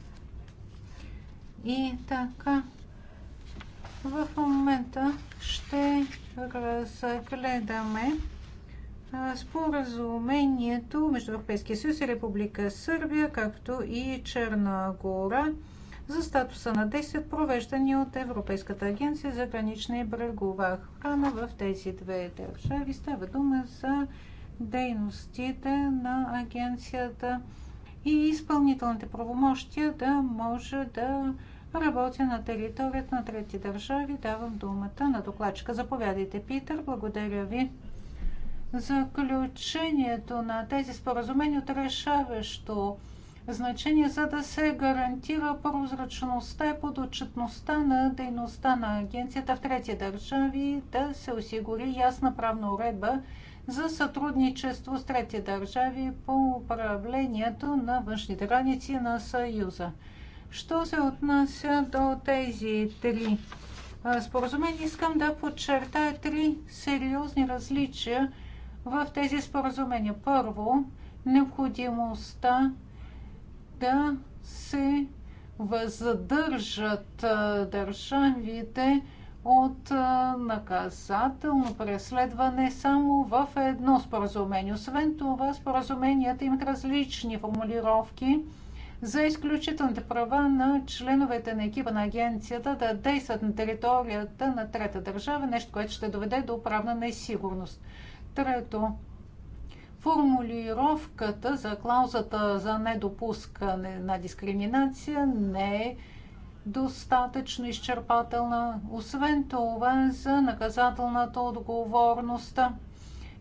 И така, в момента ще разгледаме споразумението между Европейския съюз и Република Сърбия, както и Черна гора за статуса на 10, провеждани от Европейската агенция за гранична и брегова охрана в тези две държави. Става дума за дейностите на агенцията и изпълнителните правомощия да може да работя на територията на трети държави. Давам думата на докладчика. Заповядайте, Питър. Благодаря ви. Заключението на тези споразумения от решаващо значение, за да се гарантира прозрачността и подотчетността на дейността на агенцията в трети държави, да се осигури ясна правна уредба за сътрудничество с трети държави по управлението на външните граници на Съюза. Що се отнася до тези три споразумения, искам да подчертая три сериозни различия в тези споразумения. Първо, необходимостта да се въздържат държавите от наказателно преследване само в едно споразумение. Освен това, споразуменията имат различни формулировки за изключителните права на членовете на екипа на агенцията да действат на територията на трета държава, нещо, което ще доведе до правна несигурност. Трето, формулировката за клаузата за недопускане на дискриминация не е достатъчно изчерпателна. Освен това, за наказателната отговорност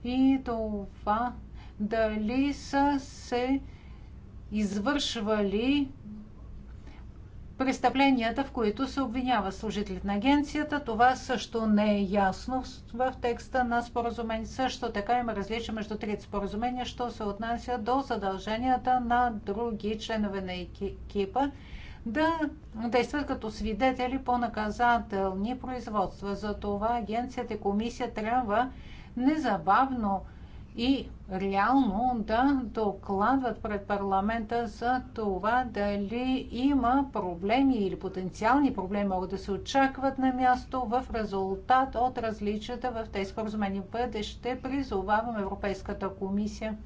и това дали са се извършвали престъпленията, в които се обвинява служителите на агенцията. Това също не е ясно в текста на споразумение. Също така има различия между трите споразумения, що се отнася до задълженията на други членове на екипа да действат като свидетели по наказателни производства. Затова агенцията и комисия трябва незабавно и реално да докладват пред парламента за това дали има проблеми или потенциални проблеми могат да се очакват на място в резултат от различията в тези споразумения. Бъдеще призовавам Европейската комисия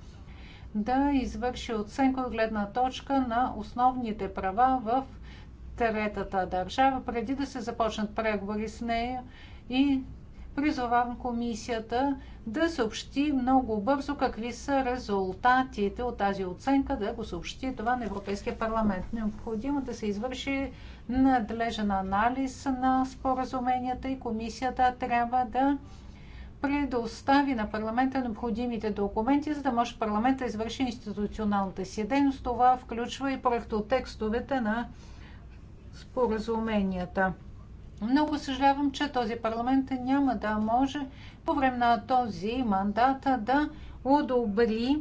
да извърши оценка от гледна точка на основните права в третата държава, преди да се започнат преговори с нея и призовавам комисията да съобщи много бързо какви са резултатите от тази оценка, да го съобщи това на Европейския парламент. Необходимо да се извърши надлежен анализ на споразуменията и комисията трябва да предостави на парламента необходимите документи, за да може парламента да извърши институционалната си дейност. Това включва и проектотекстовете на споразуменията. Много съжалявам, че този парламент няма да може по време на този мандат да одобри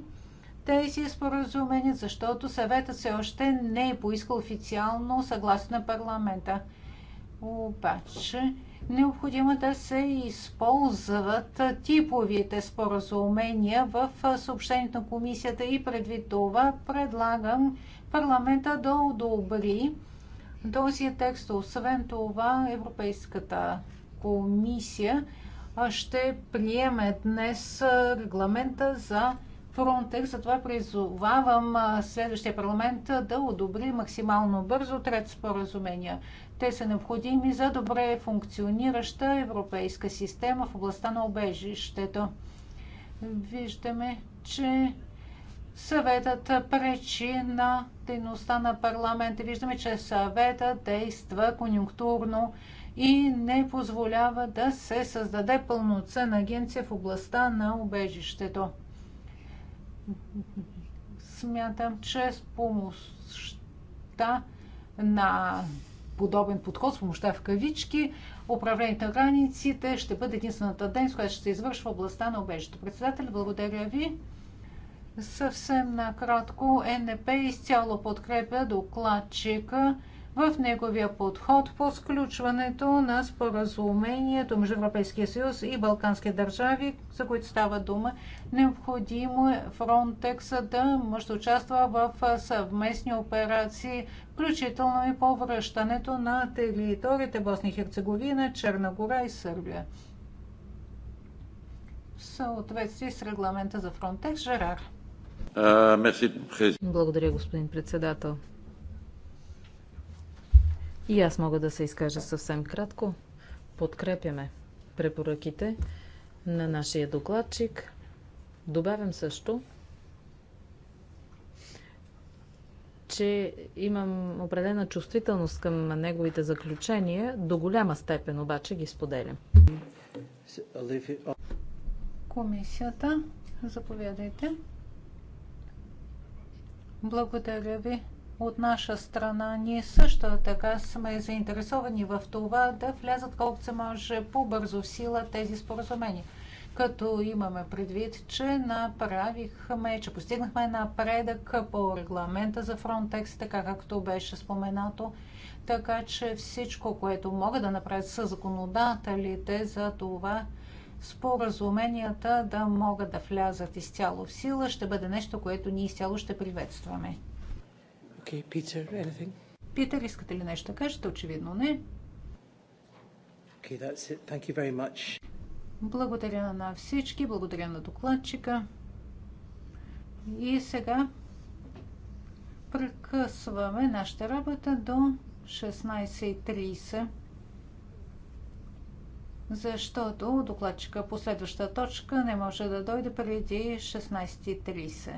тези споразумения, защото съветът все още не е поискал официално съгласие на парламента. Обаче, необходимо е да се използват типовите споразумения в съобщението на комисията и предвид това предлагам парламента да одобри този текст. Освен това, Европейската комисия ще приеме днес регламента за Фронтекс. Затова призовавам следващия парламент да одобри максимално бързо трет споразумения. Те са необходими за добре функционираща европейска система в областта на обежището. Виждаме, че съветът пречи на дейността на парламента. Виждаме, че съвета действа конюнктурно и не позволява да се създаде пълноценна агенция в областта на убежището. Смятам, че с помощта на подобен подход, с помощта в кавички, управлението на границите ще бъде единствената ден, с която ще се извършва областта на убежището. Председател, благодаря ви. Съвсем накратко, НП изцяло подкрепя докладчика в неговия подход по сключването на споразумението между Европейския съюз и Балкански държави, за които става дума. Необходимо е Frontex да може да участва в съвместни операции, включително и по връщането на териториите Босни и Херцеговина, Черна гора и Сърбия. В съответствие с регламента за Frontex, Жерар. Uh, Благодаря, господин председател. И аз мога да се изкажа съвсем кратко. Подкрепяме препоръките на нашия докладчик. Добавям също, че имам определена чувствителност към неговите заключения, до голяма степен обаче ги споделям. Комисията, заповядайте. Благодаря ви. От наша страна ние също така сме заинтересовани в това да влязат колкото се може по-бързо в сила тези споразумения. Като имаме предвид, че направихме, че постигнахме напредък по регламента за Frontex, така както беше споменато. Така че всичко, което могат да направят със законодателите за това, споразуменията да могат да влязат изцяло в сила, ще бъде нещо, което ние изцяло ще приветстваме. Okay, Peter, anything? Питър, искате ли нещо да кажете? Очевидно не. Okay, that's it. Thank you very much. Благодаря на всички, благодаря на докладчика. И сега прекъсваме нашата работа до 16.30 защото докладчика по следваща точка не може да дойде преди 16.30.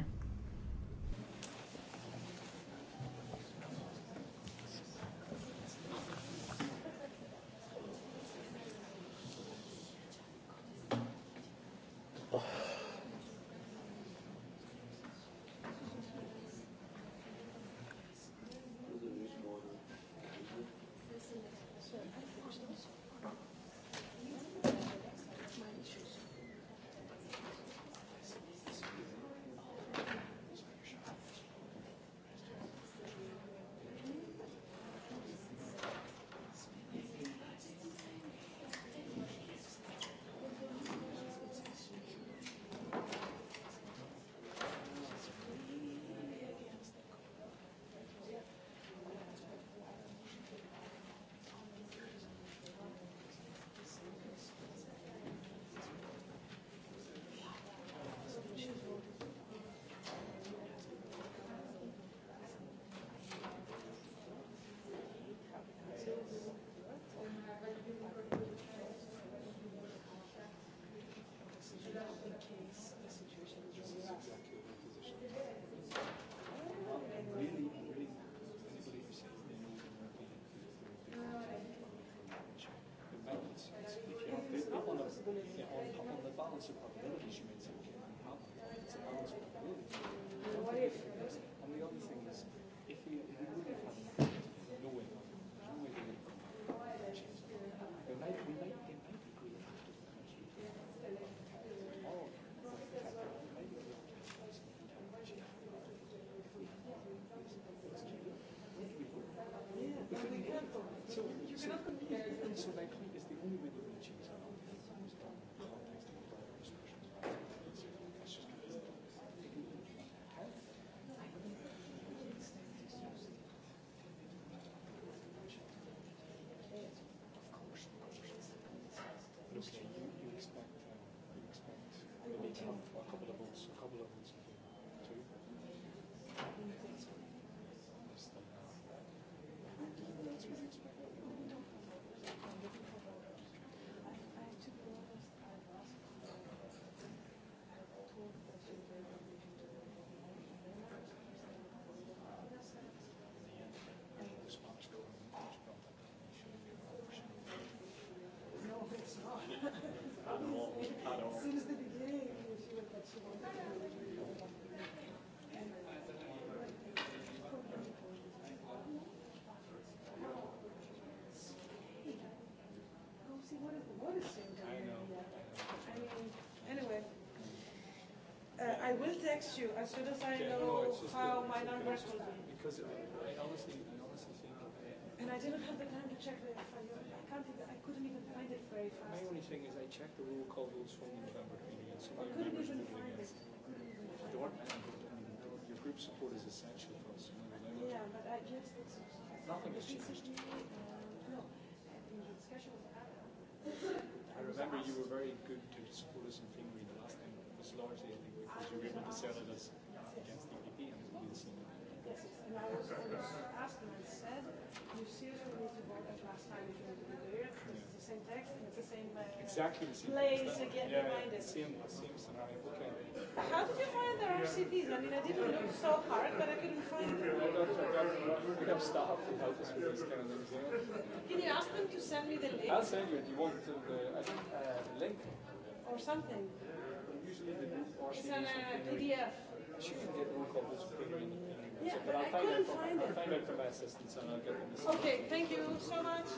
on, on the balance of probabilities you may think you have, it's a balance of probabilities. And the other thing is, if we, if we would have had no way, there's no way we would have changed it. We might, we might, they might agree with after the constitution. Or, maybe we don't have to So, so, so they I will text you as soon as I know how my numbers will be. Because I honestly, I honestly think that. And I didn't have the time to check the I can't even, I couldn't even find it very fast. My only thing is I checked the rule called rules from the November meeting and somebody remembers to do it. I don't Your group support is essential for us. Yeah, but I just. Nothing has changed. Uh, No, I think the discussion was. I remember you were very good to support us in things largely, I think, because you were able to sell it as against DPP and it will be the same. Yes, and I was I was asked and I said, you seriously need to vote as last time you came to Bulgaria because it's the same text and it's the same uh, exactly the same place again yeah, reminded. Same, same scenario. Okay. How did you find the RCDs? I mean, I didn't look so hard, but I couldn't find them. we have staff who help us with these kind of things. Yeah. Can you ask them to send me the link? I'll send you it. You want the, I think, uh, the link? Or something usually the group or something. PDF. She can get one called this Yeah, but I couldn't find it. I'll find out from my assistants and I'll get them. Okay, thank you so much.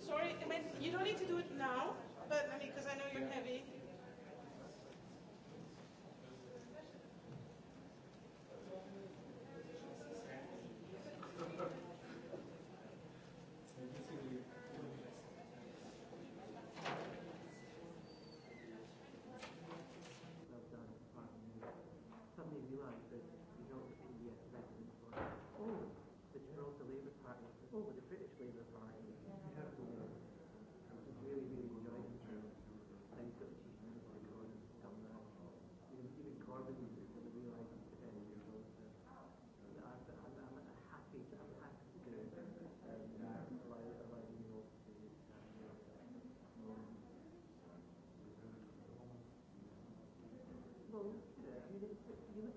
Sorry, I mean, you don't need to do it now, but I mean, because I know you're heavy.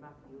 Matthew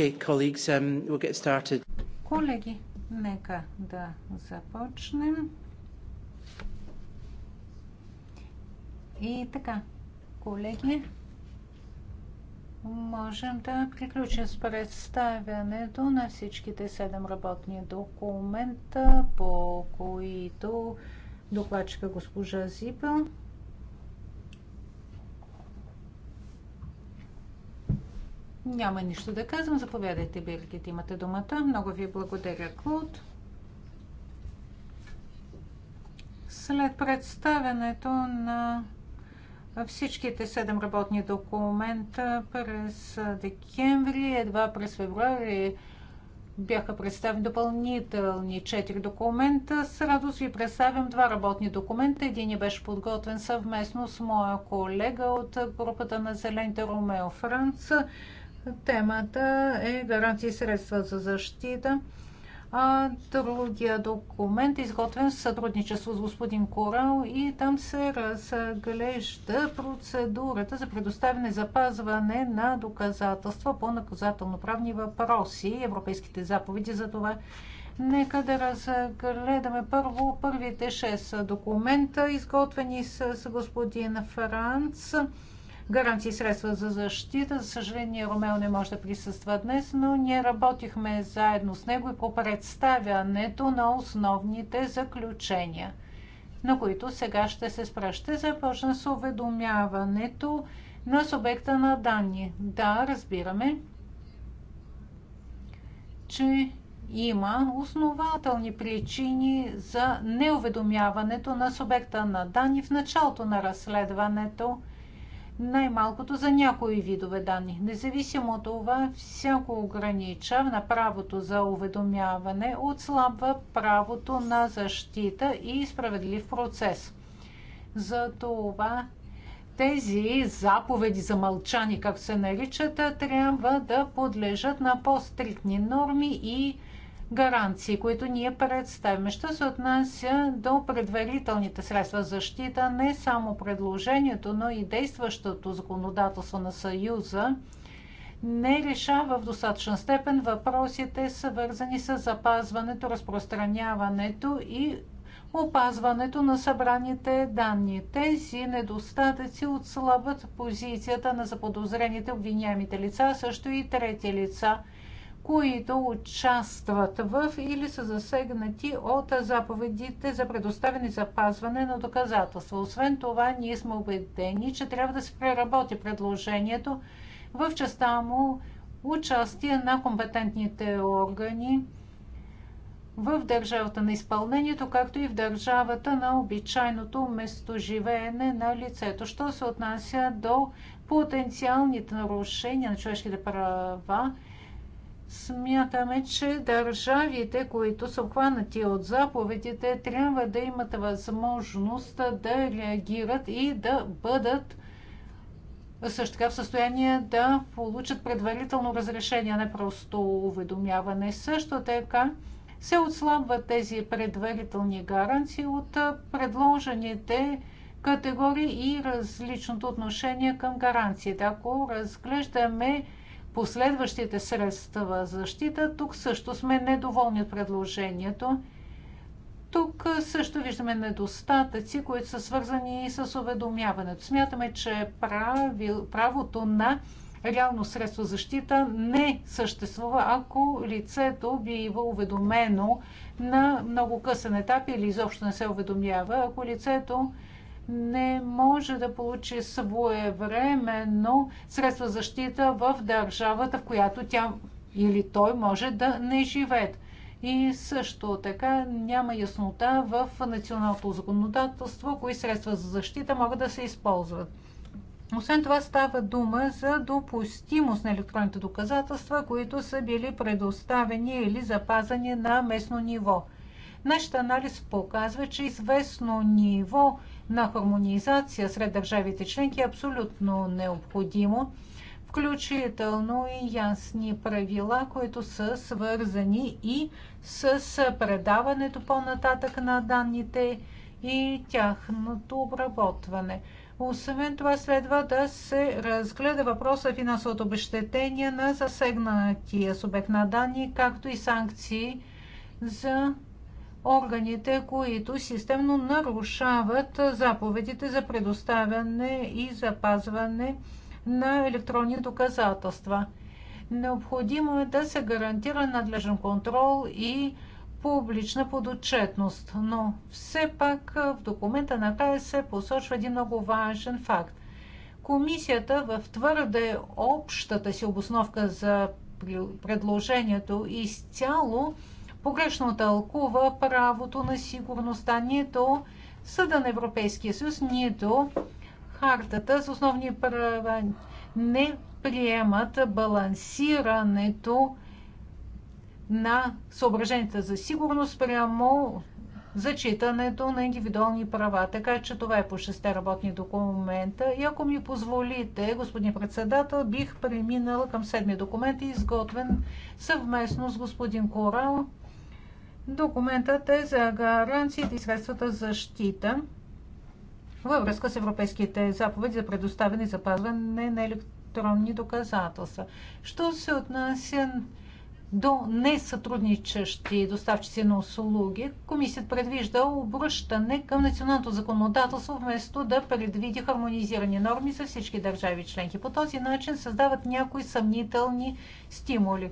Okay, colleagues, um, we'll get started. Колеги, нека да започнем. И така, колеги, можем да приключим с представянето на всичките седем работни документа, по които докладчика госпожа Зипел Няма нищо да казвам. Заповядайте, Биргит, имате думата. Много ви благодаря, Клод. След представянето на всичките седем работни документа през декември, едва през февруари бяха представени допълнителни четири документа. С радост ви представям два работни документа. Един е беше подготвен съвместно с моя колега от групата на Зелените Ромео Франц. Темата е гаранции средства за защита. А другия документ е изготвен в сътрудничество с господин Корал и там се разглежда процедурата за предоставяне и запазване на доказателства по наказателно-правни въпроси, европейските заповеди за това. Нека да разгледаме първо първите шест документа, изготвени с господин Франц гаранции средства за защита. За съжаление, Ромео не може да присъства днес, но ние работихме заедно с него и по представянето на основните заключения, на които сега ще се спра. Ще започна с уведомяването на субекта на данни. Да, разбираме, че има основателни причини за неуведомяването на субекта на данни в началото на разследването най-малкото за някои видове данни. Независимо от това, всяко ограничаване на правото за уведомяване отслабва правото на защита и справедлив процес. Затова тези заповеди за мълчани, както се наричат, трябва да подлежат на по-стриктни норми и гаранции, които ние представим, Що се отнася до предварителните средства защита, не само предложението, но и действащото законодателство на Съюза не решава в достатъчна степен въпросите, свързани с запазването, разпространяването и опазването на събраните данни. Тези недостатъци отслабват позицията на заподозрените обвиняемите лица, също и трети лица – които участват в или са засегнати от заповедите за предоставяне и запазване на доказателства. Освен това, ние сме убедени, че трябва да се преработи предложението в частта му участие на компетентните органи в държавата на изпълнението, както и в държавата на обичайното местоживеене на лицето. Що се отнася до потенциалните нарушения на човешките права, Смятаме, че държавите, които са обхванати от заповедите, трябва да имат възможност да реагират и да бъдат също така в състояние да получат предварително разрешение, не просто уведомяване. Също така се отслабват тези предварителни гаранции от предложените категории и различното отношение към гаранциите. Ако разглеждаме последващите средства за защита, тук също сме недоволни от предложението. Тук също виждаме недостатъци, които са свързани и с уведомяването. Смятаме, че правил, правото на реално средство защита не съществува, ако лицето би бива уведомено на много късен етап или изобщо не се уведомява, ако лицето не може да получи своевременно средства защита в държавата, в която тя или той може да не живеят. И също така няма яснота в националното законодателство, кои средства за защита могат да се използват. Освен това става дума за допустимост на електронните доказателства, които са били предоставени или запазани на местно ниво. Нашата анализ показва, че известно ниво на хармонизация сред държавите членки е абсолютно необходимо, включително и ясни правила, които са свързани и с предаването по-нататък на данните и тяхното обработване. Освен това следва да се разгледа въпроса финансовото обещетение на засегнатия субект на данни, както и санкции за органите, които системно нарушават заповедите за предоставяне и запазване на електронни доказателства. Необходимо е да се гарантира надлежен контрол и публична подотчетност, но все пак в документа накрая се посочва един много важен факт. Комисията в твърде общата си обосновка за предложението изцяло погрешно тълкува правото на сигурността нито Съда на Европейския съюз, нито Хартата за основни права не приемат балансирането на съображенията за сигурност прямо зачитането на индивидуални права. Така че това е по шесте работни документа. И ако ми позволите, господин председател, бих преминала към седми документ, изготвен съвместно с господин Корал Документът е за гаранциите и средствата за защита във връзка с европейските заповеди за предоставяне и запазване на електронни доказателства. Що се отнася до несътрудничащи доставчици на услуги, комисията предвижда обръщане към националното законодателство, вместо да предвиди хармонизирани норми за всички държави членки. По този начин създават някои съмнителни стимули.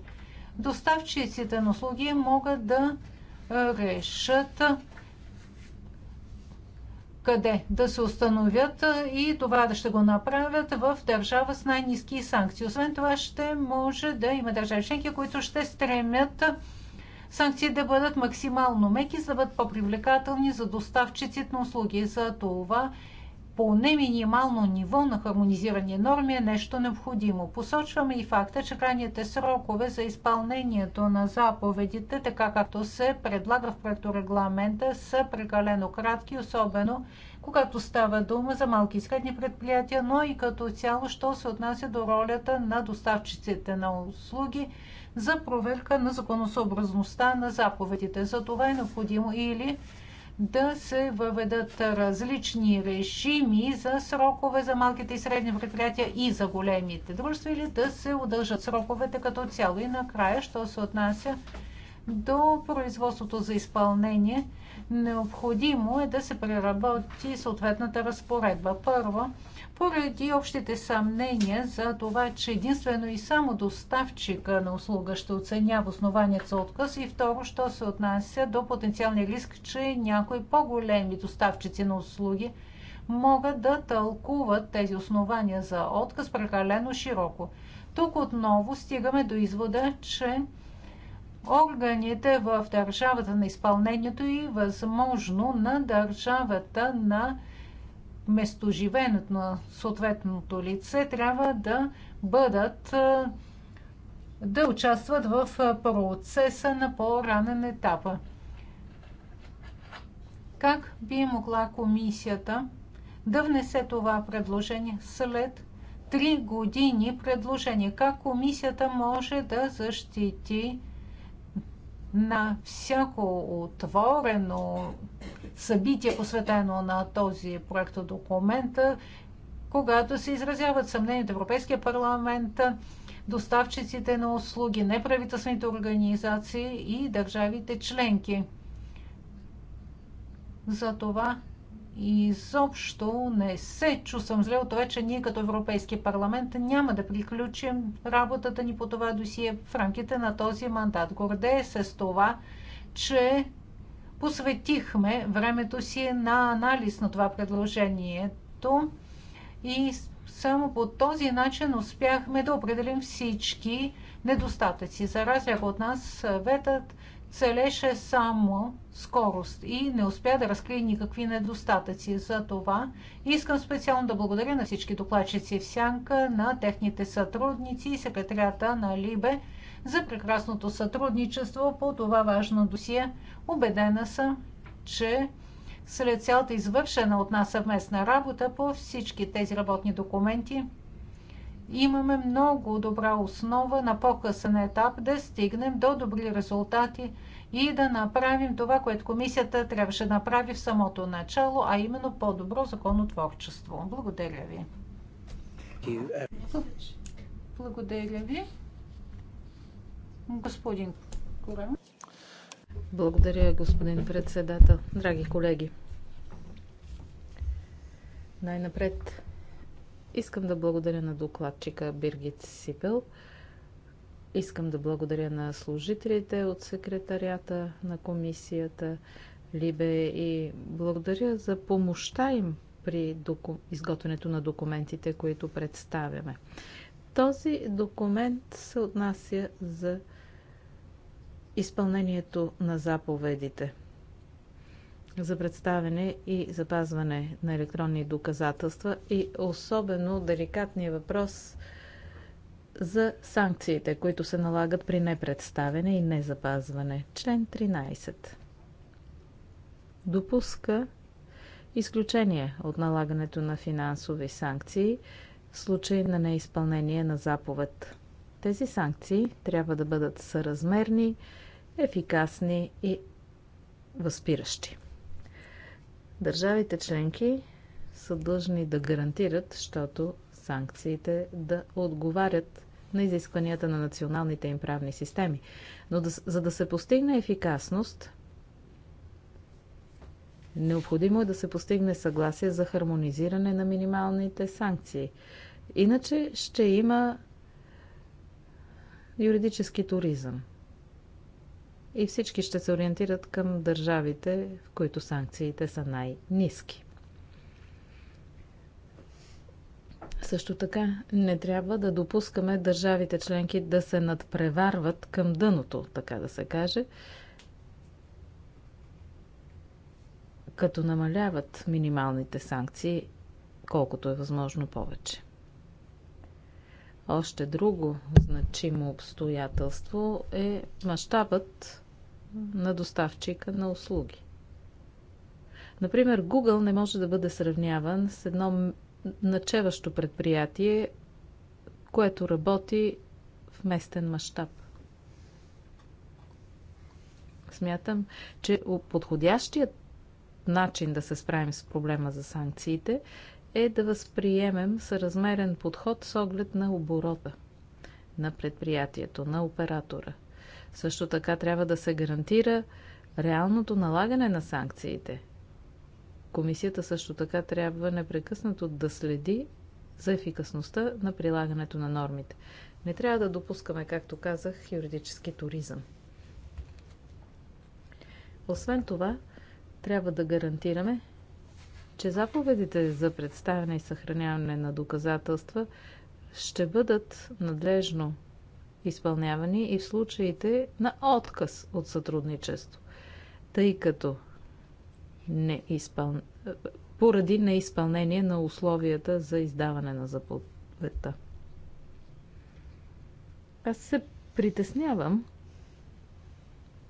Доставчиците на услуги могат да решат къде да се установят и това да ще го направят в държава с най-низки санкции. Освен това ще може да има държави членки, които ще стремят санкции да бъдат максимално меки, за да бъдат по-привлекателни за доставчиците на услуги. За това поне минимално ниво на хармонизирани норми е нещо необходимо. Посочваме и факта, че крайните срокове за изпълнението на заповедите, така както се предлага в проекторегламента, са прекалено кратки, особено когато става дума за малки и средни предприятия, но и като цяло, що се отнася до ролята на доставчиците на услуги за проверка на законосъобразността на заповедите. За това е необходимо или да се въведат различни режими за срокове за малките и средни предприятия и за големите дружества или да се удължат сроковете като цяло. И накрая, що се отнася до производството за изпълнение, необходимо е да се преработи съответната разпоредба. Първо, поради общите съмнения за това, че единствено и само доставчика на услуга ще оценява основанията за отказ и второ, що се отнася до потенциалния риск, че някои по-големи доставчици на услуги могат да тълкуват тези основания за отказ прекалено широко. Тук отново стигаме до извода, че органите в държавата на изпълнението и възможно на държавата на местоживеенето на съответното лице трябва да бъдат да участват в процеса на по-ранен етап. Как би могла комисията да внесе това предложение след 3 години предложение? Как комисията може да защити на всяко отворено събитие, посветено на този проект документа, когато се изразяват съмнения от Европейския парламент, доставчиците на услуги, неправителствените организации и държавите членки. Затова изобщо не се чувствам зле от това, че ние като Европейски парламент няма да приключим работата ни по това досие в рамките на този мандат. Гордея се с това, че посветихме времето си на анализ на това предложението и само по този начин успяхме да определим всички недостатъци. За разлика от нас, съветът целеше само скорост и не успя да разкрие никакви недостатъци. За това искам специално да благодаря на всички докладчици в Сянка, на техните сътрудници и секретарята на Либе – за прекрасното сътрудничество по това важно досие. Обедена съм, че след цялата извършена от нас съвместна работа по всички тези работни документи, имаме много добра основа на по-късен етап да стигнем до добри резултати и да направим това, което комисията трябваше да направи в самото начало, а именно по-добро законотворчество. Благодаря ви. Благодаря ви. Господин Кура. Благодаря, господин председател. Драги колеги, най-напред искам да благодаря на докладчика Биргит Сипел. Искам да благодаря на служителите от секретарията на комисията Либе и благодаря за помощта им при изготвянето на документите, които представяме. Този документ се отнася за изпълнението на заповедите за представяне и запазване на електронни доказателства и особено деликатния въпрос за санкциите, които се налагат при непредставяне и незапазване. Член 13 допуска изключение от налагането на финансови санкции в случай на неизпълнение на заповед. Тези санкции трябва да бъдат съразмерни, ефикасни и възпиращи. Държавите членки са длъжни да гарантират, защото санкциите да отговарят на изискванията на националните им правни системи. Но да, за да се постигне ефикасност, необходимо е да се постигне съгласие за хармонизиране на минималните санкции. Иначе ще има юридически туризъм и всички ще се ориентират към държавите, в които санкциите са най-низки. Също така не трябва да допускаме държавите членки да се надпреварват към дъното, така да се каже, като намаляват минималните санкции колкото е възможно повече. Още друго значимо обстоятелство е мащабът на доставчика на услуги. Например, Google не може да бъде сравняван с едно начеващо предприятие, което работи в местен мащаб. Смятам, че подходящият начин да се справим с проблема за санкциите е да възприемем съразмерен подход с оглед на оборота на предприятието, на оператора. Също така трябва да се гарантира реалното налагане на санкциите. Комисията също така трябва непрекъснато да следи за ефикасността на прилагането на нормите. Не трябва да допускаме, както казах, юридически туризъм. Освен това, трябва да гарантираме, че заповедите за представяне и съхраняване на доказателства ще бъдат надлежно изпълнявани и в случаите на отказ от сътрудничество, тъй като не изпъл... поради неизпълнение на условията за издаване на заповедта. Аз се притеснявам,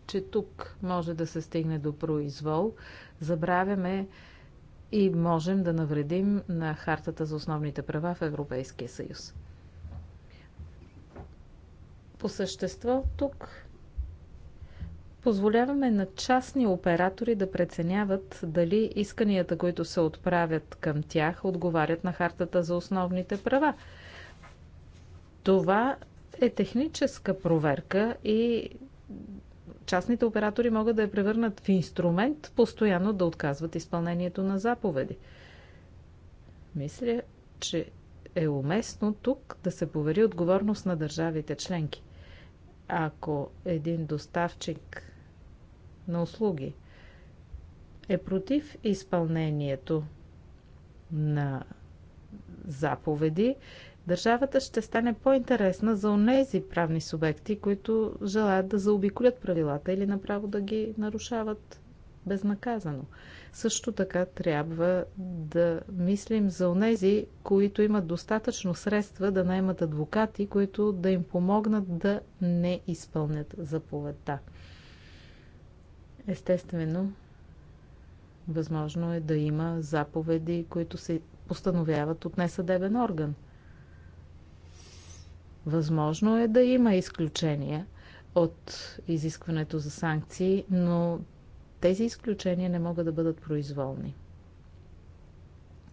че тук може да се стигне до произвол. Забравяме и можем да навредим на Хартата за основните права в Европейския съюз. По същество тук позволяваме на частни оператори да преценяват дали исканията, които се отправят към тях, отговарят на Хартата за основните права. Това е техническа проверка и частните оператори могат да я превърнат в инструмент, постоянно да отказват изпълнението на заповеди. Мисля, че е уместно тук да се повери отговорност на държавите членки. Ако един доставчик на услуги е против изпълнението на заповеди Държавата ще стане по-интересна за онези правни субекти, които желаят да заобиколят правилата или направо да ги нарушават безнаказано. Също така трябва да мислим за онези, които имат достатъчно средства да наймат адвокати, които да им помогнат да не изпълнят заповедта. Естествено, възможно е да има заповеди, които се постановяват от несъдебен орган – Възможно е да има изключения от изискването за санкции, но тези изключения не могат да бъдат произволни.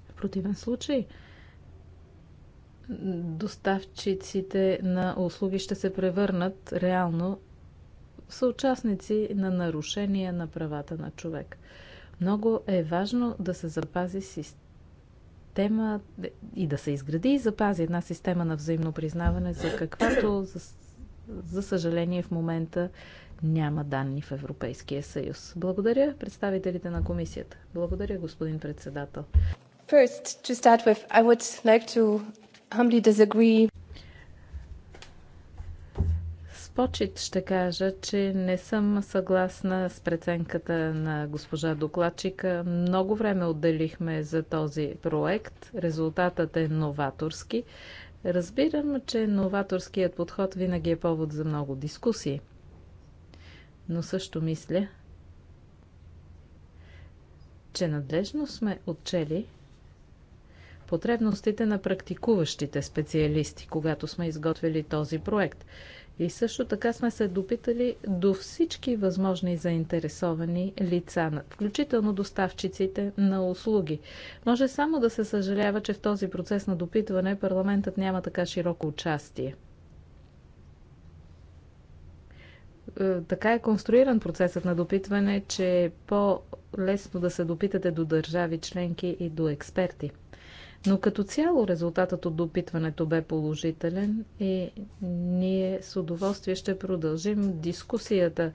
В противен случай, доставчиците на услуги ще се превърнат реално в съучастници на нарушения на правата на човек. Много е важно да се запази система тема е, и да се изгради и запази една система на взаимно признаване, за каквато, за, за съжаление, в момента няма данни в Европейския съюз. Благодаря представителите на комисията. Благодаря, господин председател. First, to start with, I would like to humbly disagree почет ще кажа, че не съм съгласна с преценката на госпожа докладчика. Много време отделихме за този проект. Резултатът е новаторски. Разбирам, че новаторският подход винаги е повод за много дискусии. Но също мисля, че надлежно сме отчели потребностите на практикуващите специалисти, когато сме изготвили този проект – и също така сме се допитали до всички възможни заинтересовани лица, включително доставчиците на услуги. Може само да се съжалява, че в този процес на допитване парламентът няма така широко участие. Е, така е конструиран процесът на допитване, че е по-лесно да се допитате до държави членки и до експерти – но като цяло резултатът от допитването бе положителен и ние с удоволствие ще продължим дискусията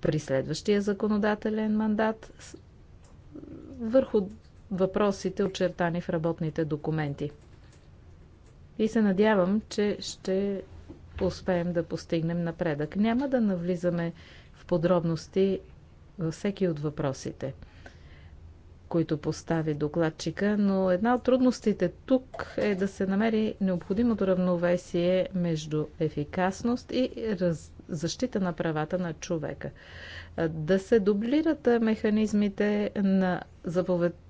при следващия законодателен мандат върху въпросите, очертани в работните документи. И се надявам, че ще успеем да постигнем напредък. Няма да навлизаме в подробности във всеки от въпросите – които постави докладчика, но една от трудностите тук е да се намери необходимото равновесие между ефикасност и раз... защита на правата на човека. Да се дублират механизмите на заповедта,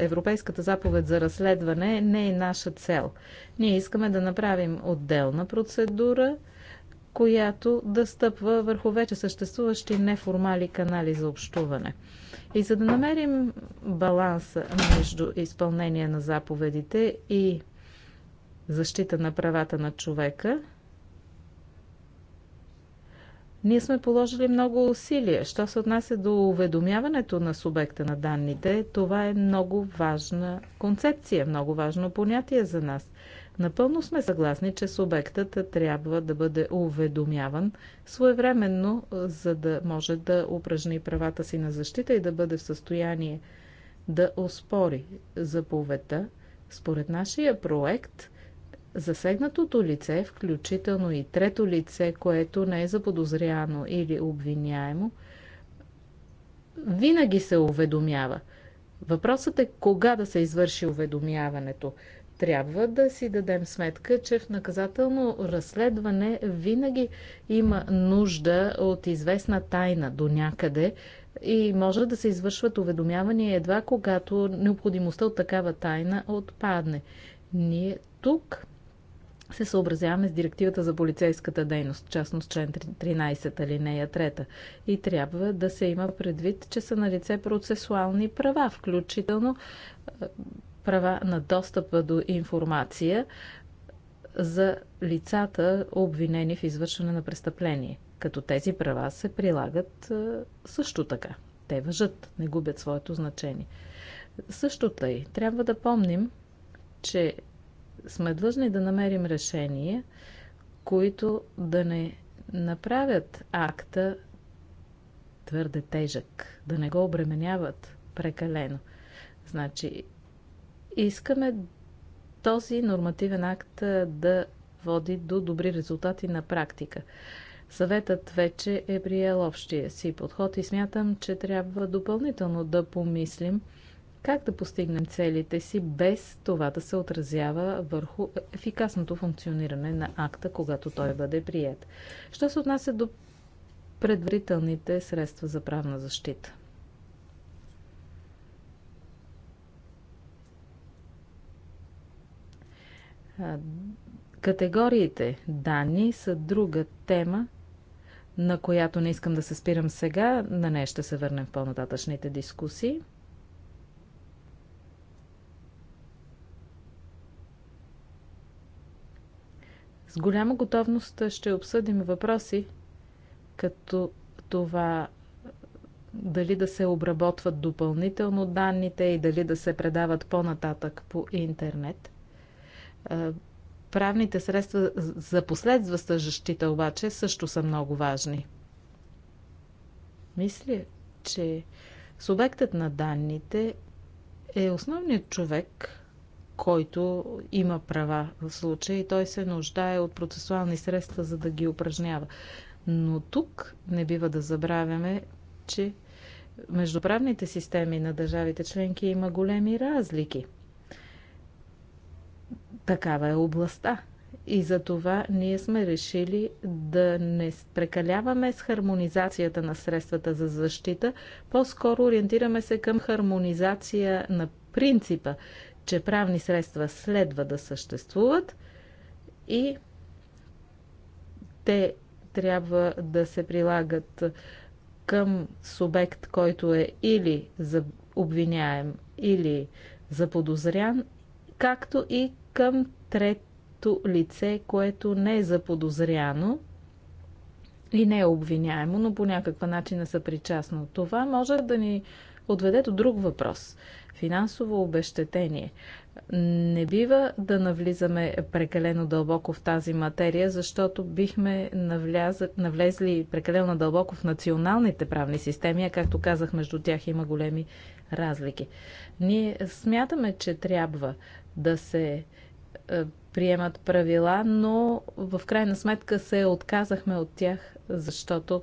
Европейската заповед за разследване не е наша цел. Ние искаме да направим отделна процедура, която да стъпва върху вече съществуващи неформали канали за общуване. И за да намерим баланса между изпълнение на заповедите и защита на правата на човека, ние сме положили много усилия. Що се отнася до уведомяването на субекта на данните, това е много важна концепция, много важно понятие за нас. Напълно сме съгласни, че субектът трябва да бъде уведомяван своевременно, за да може да упражни правата си на защита и да бъде в състояние да оспори заповедта. Според нашия проект, засегнатото лице, включително и трето лице, което не е заподозряно или обвиняемо, винаги се уведомява. Въпросът е кога да се извърши уведомяването – трябва да си дадем сметка, че в наказателно разследване винаги има нужда от известна тайна до някъде и може да се извършват уведомявания едва когато необходимостта от такава тайна отпадне. Ние тук се съобразяваме с директивата за полицейската дейност, частност член 13 алинея 3. И трябва да се има предвид, че са на лице процесуални права, включително права на достъпа до информация за лицата, обвинени в извършване на престъпление. Като тези права се прилагат е, също така. Те въжат, не губят своето значение. Също тъй, трябва да помним, че сме длъжни да намерим решения, които да не направят акта твърде тежък, да не го обременяват прекалено. Значи, Искаме този нормативен акт да води до добри резултати на практика. Съветът вече е приел общия си подход и смятам, че трябва допълнително да помислим как да постигнем целите си без това да се отразява върху ефикасното функциониране на акта, когато той бъде прият. Що се отнася до предварителните средства за правна защита? Категориите данни са друга тема, на която не искам да се спирам сега. На нея ще се върнем в по-нататъчните дискусии. С голяма готовност ще обсъдим въпроси, като това дали да се обработват допълнително данните и дали да се предават по-нататък по интернет – е, правните средства за последваща защита обаче също са много важни. Мисля, че субектът на данните е основният човек, който има права в случая и той се нуждае от процесуални средства, за да ги упражнява. Но тук не бива да забравяме, че между правните системи на държавите членки има големи разлики – такава е областта. И за това ние сме решили да не прекаляваме с хармонизацията на средствата за защита, по-скоро ориентираме се към хармонизация на принципа, че правни средства следва да съществуват и те трябва да се прилагат към субект, който е или за обвиняем, или подозрян, както и към трето лице, което не е заподозряно и не е обвиняемо, но по някаква начин е съпричастно. Това може да ни отведе до друг въпрос. Финансово обещетение. Не бива да навлизаме прекалено дълбоко в тази материя, защото бихме навляз... навлезли прекалено дълбоко в националните правни системи, а както казах, между тях има големи разлики. Ние смятаме, че трябва да се е, приемат правила, но в крайна сметка се отказахме от тях, защото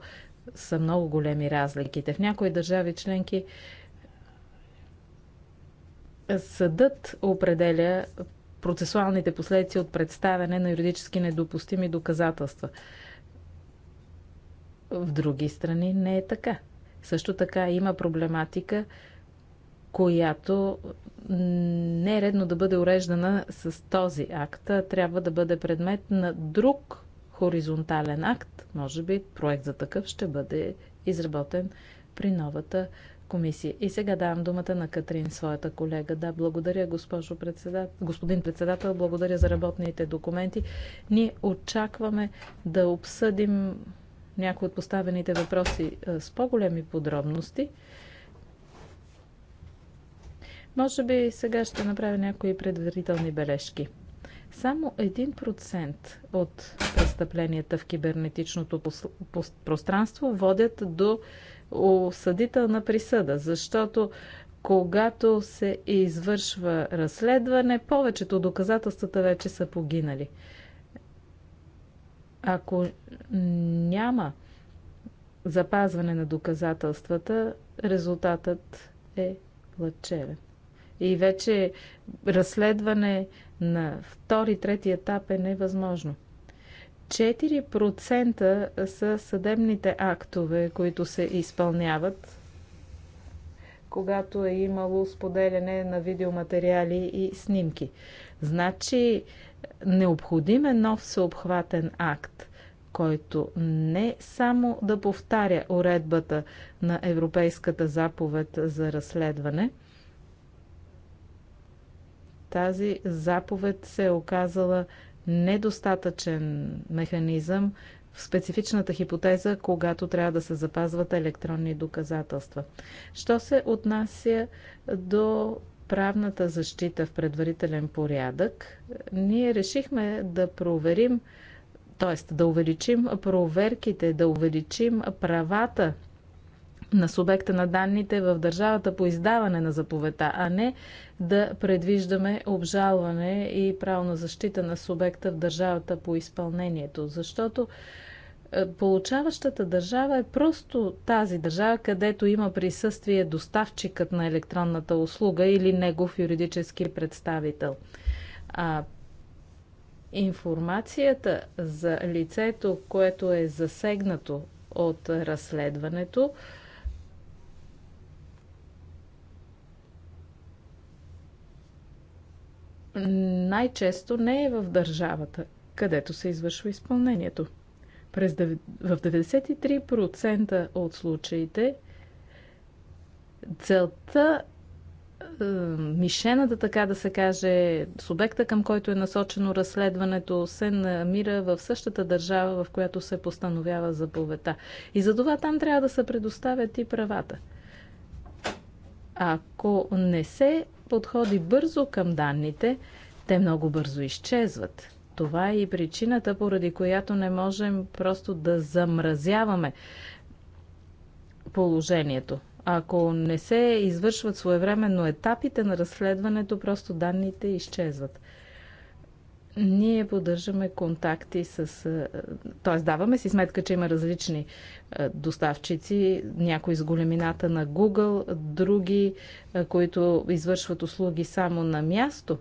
са много големи разликите. В някои държави членки съдът определя процесуалните последици от представяне на юридически недопустими доказателства. В други страни не е така. Също така има проблематика която не е редно да бъде уреждана с този акт. Трябва да бъде предмет на друг хоризонтален акт. Може би проект за такъв ще бъде изработен при новата комисия. И сега давам думата на Катрин, своята колега. Да, благодаря, госпожо председател, господин председател, благодаря за работните документи. Ние очакваме да обсъдим някои от поставените въпроси с по-големи подробности. Може би сега ще направя някои предварителни бележки. Само 1% от престъпленията в кибернетичното пространство водят до осъдителна присъда, защото когато се извършва разследване, повечето доказателствата вече са погинали. Ако няма запазване на доказателствата, резултатът е плачевен и вече разследване на втори, трети етап е невъзможно. 4% са съдебните актове, които се изпълняват, когато е имало споделяне на видеоматериали и снимки. Значи, необходим е нов съобхватен акт, който не само да повтаря уредбата на Европейската заповед за разследване – тази заповед се е оказала недостатъчен механизъм в специфичната хипотеза, когато трябва да се запазват електронни доказателства. Що се отнася до правната защита в предварителен порядък, ние решихме да проверим т.е. да увеличим проверките, да увеличим правата на субекта на данните в държавата по издаване на заповедта, а не да предвиждаме обжалване и правна защита на субекта в държавата по изпълнението. Защото е, получаващата държава е просто тази държава, където има присъствие доставчикът на електронната услуга или негов юридически представител. А информацията за лицето, което е засегнато от разследването, най-често не е в държавата, където се извършва изпълнението. През, в 93% от случаите целта, е, мишената, така да се каже, субекта към който е насочено разследването, се намира в същата държава, в която се постановява заповедта. И затова там трябва да се предоставят и правата. Ако не се подходи бързо към данните, те много бързо изчезват. Това е и причината, поради която не можем просто да замразяваме положението. Ако не се извършват своевременно етапите на разследването, просто данните изчезват. Ние поддържаме контакти с... Т.е. даваме си сметка, че има различни доставчици, някои с големината на Google, други, които извършват услуги само на място.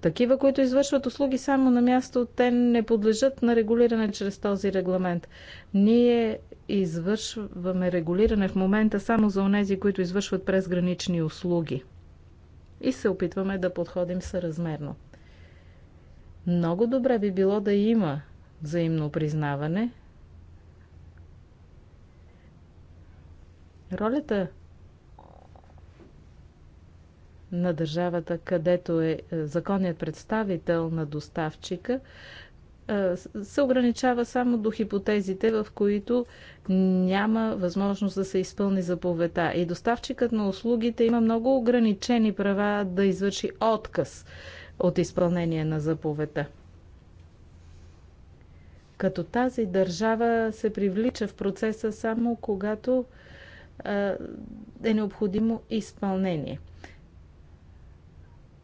Такива, които извършват услуги само на място, те не подлежат на регулиране чрез този регламент. Ние извършваме регулиране в момента само за онези, които извършват презгранични услуги. И се опитваме да подходим съразмерно. Много добре би било да има взаимно признаване. Ролята на държавата, където е, е законният представител на доставчика, е, се ограничава само до хипотезите, в които няма възможност да се изпълни заповедта. И доставчикът на услугите има много ограничени права да извърши отказ от изпълнение на заповедта. Като тази държава се привлича в процеса само когато е необходимо изпълнение.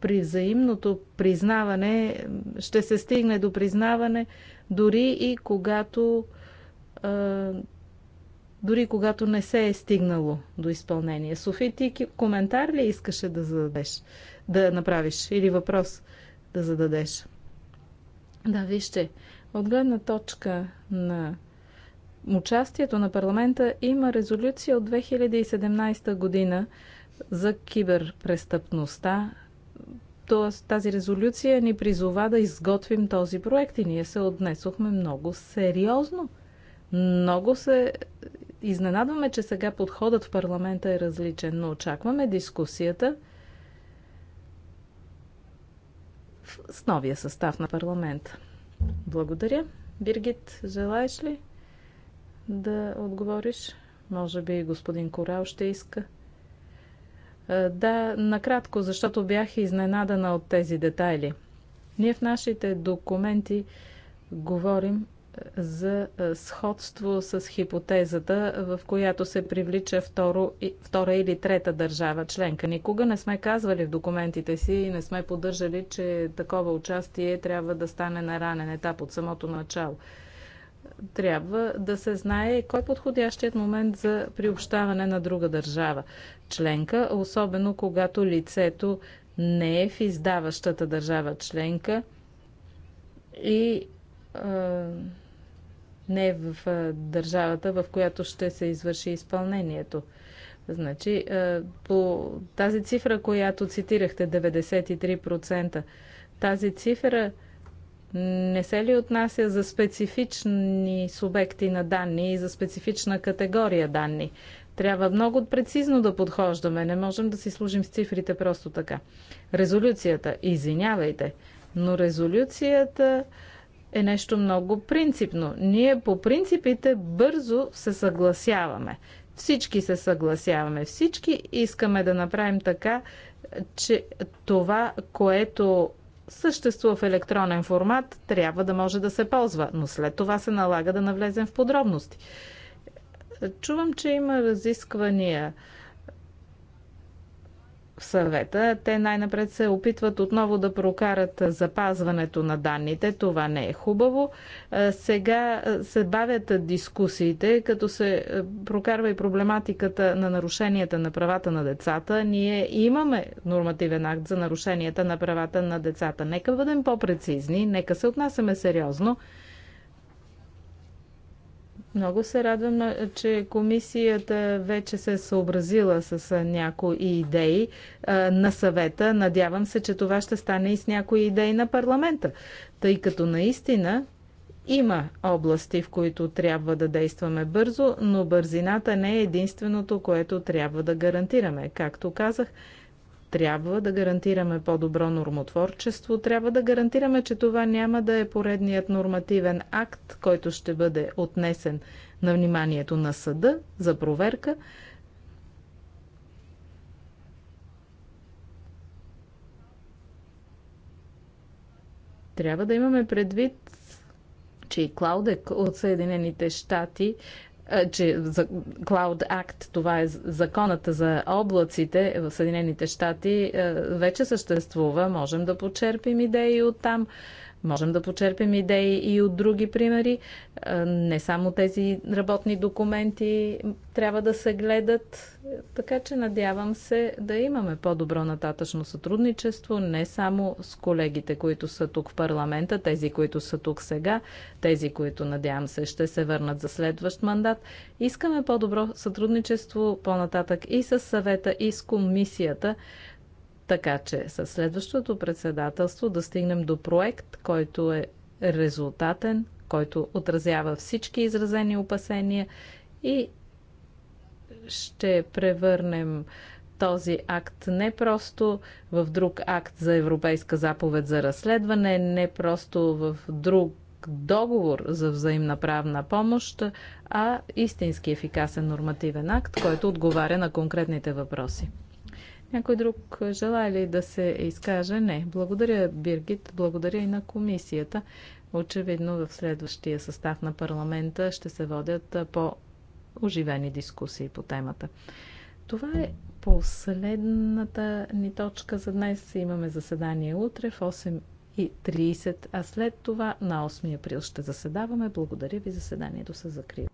При взаимното признаване ще се стигне до признаване дори и когато дори когато не се е стигнало до изпълнение. Софи, ти коментар ли искаше да зададеш? да направиш или въпрос да зададеш. Да, вижте, от гледна точка на участието на парламента има резолюция от 2017 година за киберпрестъпността. Тоест, тази резолюция ни призова да изготвим този проект и ние се отнесохме много сериозно. Много се изненадваме, че сега подходът в парламента е различен, но очакваме дискусията – с новия състав на парламента. Благодаря. Биргит, желаеш ли да отговориш? Може би господин Корал ще иска. Да, накратко, защото бях изненадана от тези детайли. Ние в нашите документи говорим за е, сходство с хипотезата, в която се привлича второ, втора или трета държава членка. Никога не сме казвали в документите си и не сме поддържали, че такова участие трябва да стане на ранен етап от самото начало. Трябва да се знае кой е подходящият момент за приобщаване на друга държава членка, особено когато лицето не е в издаващата държава членка и е, не в държавата, в която ще се извърши изпълнението. Значи, по тази цифра, която цитирахте, 93%, тази цифра не се ли отнася за специфични субекти на данни и за специфична категория данни? Трябва много прецизно да подхождаме. Не можем да си служим с цифрите просто така. Резолюцията, извинявайте, но резолюцията е нещо много принципно. Ние по принципите бързо се съгласяваме. Всички се съгласяваме. Всички искаме да направим така, че това, което съществува в електронен формат, трябва да може да се ползва, но след това се налага да навлезем в подробности. Чувам, че има разисквания съвета. Те най-напред се опитват отново да прокарат запазването на данните. Това не е хубаво. Сега се бавят дискусиите, като се прокарва и проблематиката на нарушенията на правата на децата. Ние имаме нормативен акт за нарушенията на правата на децата. Нека бъдем по-прецизни, нека се отнасяме сериозно много се радвам, че комисията вече се е съобразила с някои идеи на съвета. Надявам се, че това ще стане и с някои идеи на парламента, тъй като наистина има области, в които трябва да действаме бързо, но бързината не е единственото, което трябва да гарантираме. Както казах, трябва да гарантираме по-добро нормотворчество, трябва да гарантираме, че това няма да е поредният нормативен акт, който ще бъде отнесен на вниманието на съда за проверка. Трябва да имаме предвид, че и Клаудек от Съединените щати че за Cloud Act, това е законата за облаците в Съединените щати, вече съществува. Можем да почерпим идеи от там. Можем да почерпим идеи и от други примери. Не само тези работни документи трябва да се гледат, така че надявам се да имаме по-добро нататъчно сътрудничество, не само с колегите, които са тук в парламента, тези, които са тук сега, тези, които надявам се ще се върнат за следващ мандат. Искаме по-добро сътрудничество по-нататък и с съвета, и с комисията, така че със следващото председателство да стигнем до проект, който е резултатен, който отразява всички изразени опасения и ще превърнем този акт не просто в друг акт за Европейска заповед за разследване, не просто в друг договор за взаимна правна помощ, а истински ефикасен нормативен акт, който отговаря на конкретните въпроси. Някой друг желая ли да се изкаже? Не. Благодаря, Биргит. Благодаря и на комисията. Очевидно в следващия състав на парламента ще се водят по-оживени дискусии по темата. Това е последната ни точка за днес. Имаме заседание утре в 8.30, а след това на 8 април ще заседаваме. Благодаря ви, заседанието се закрива.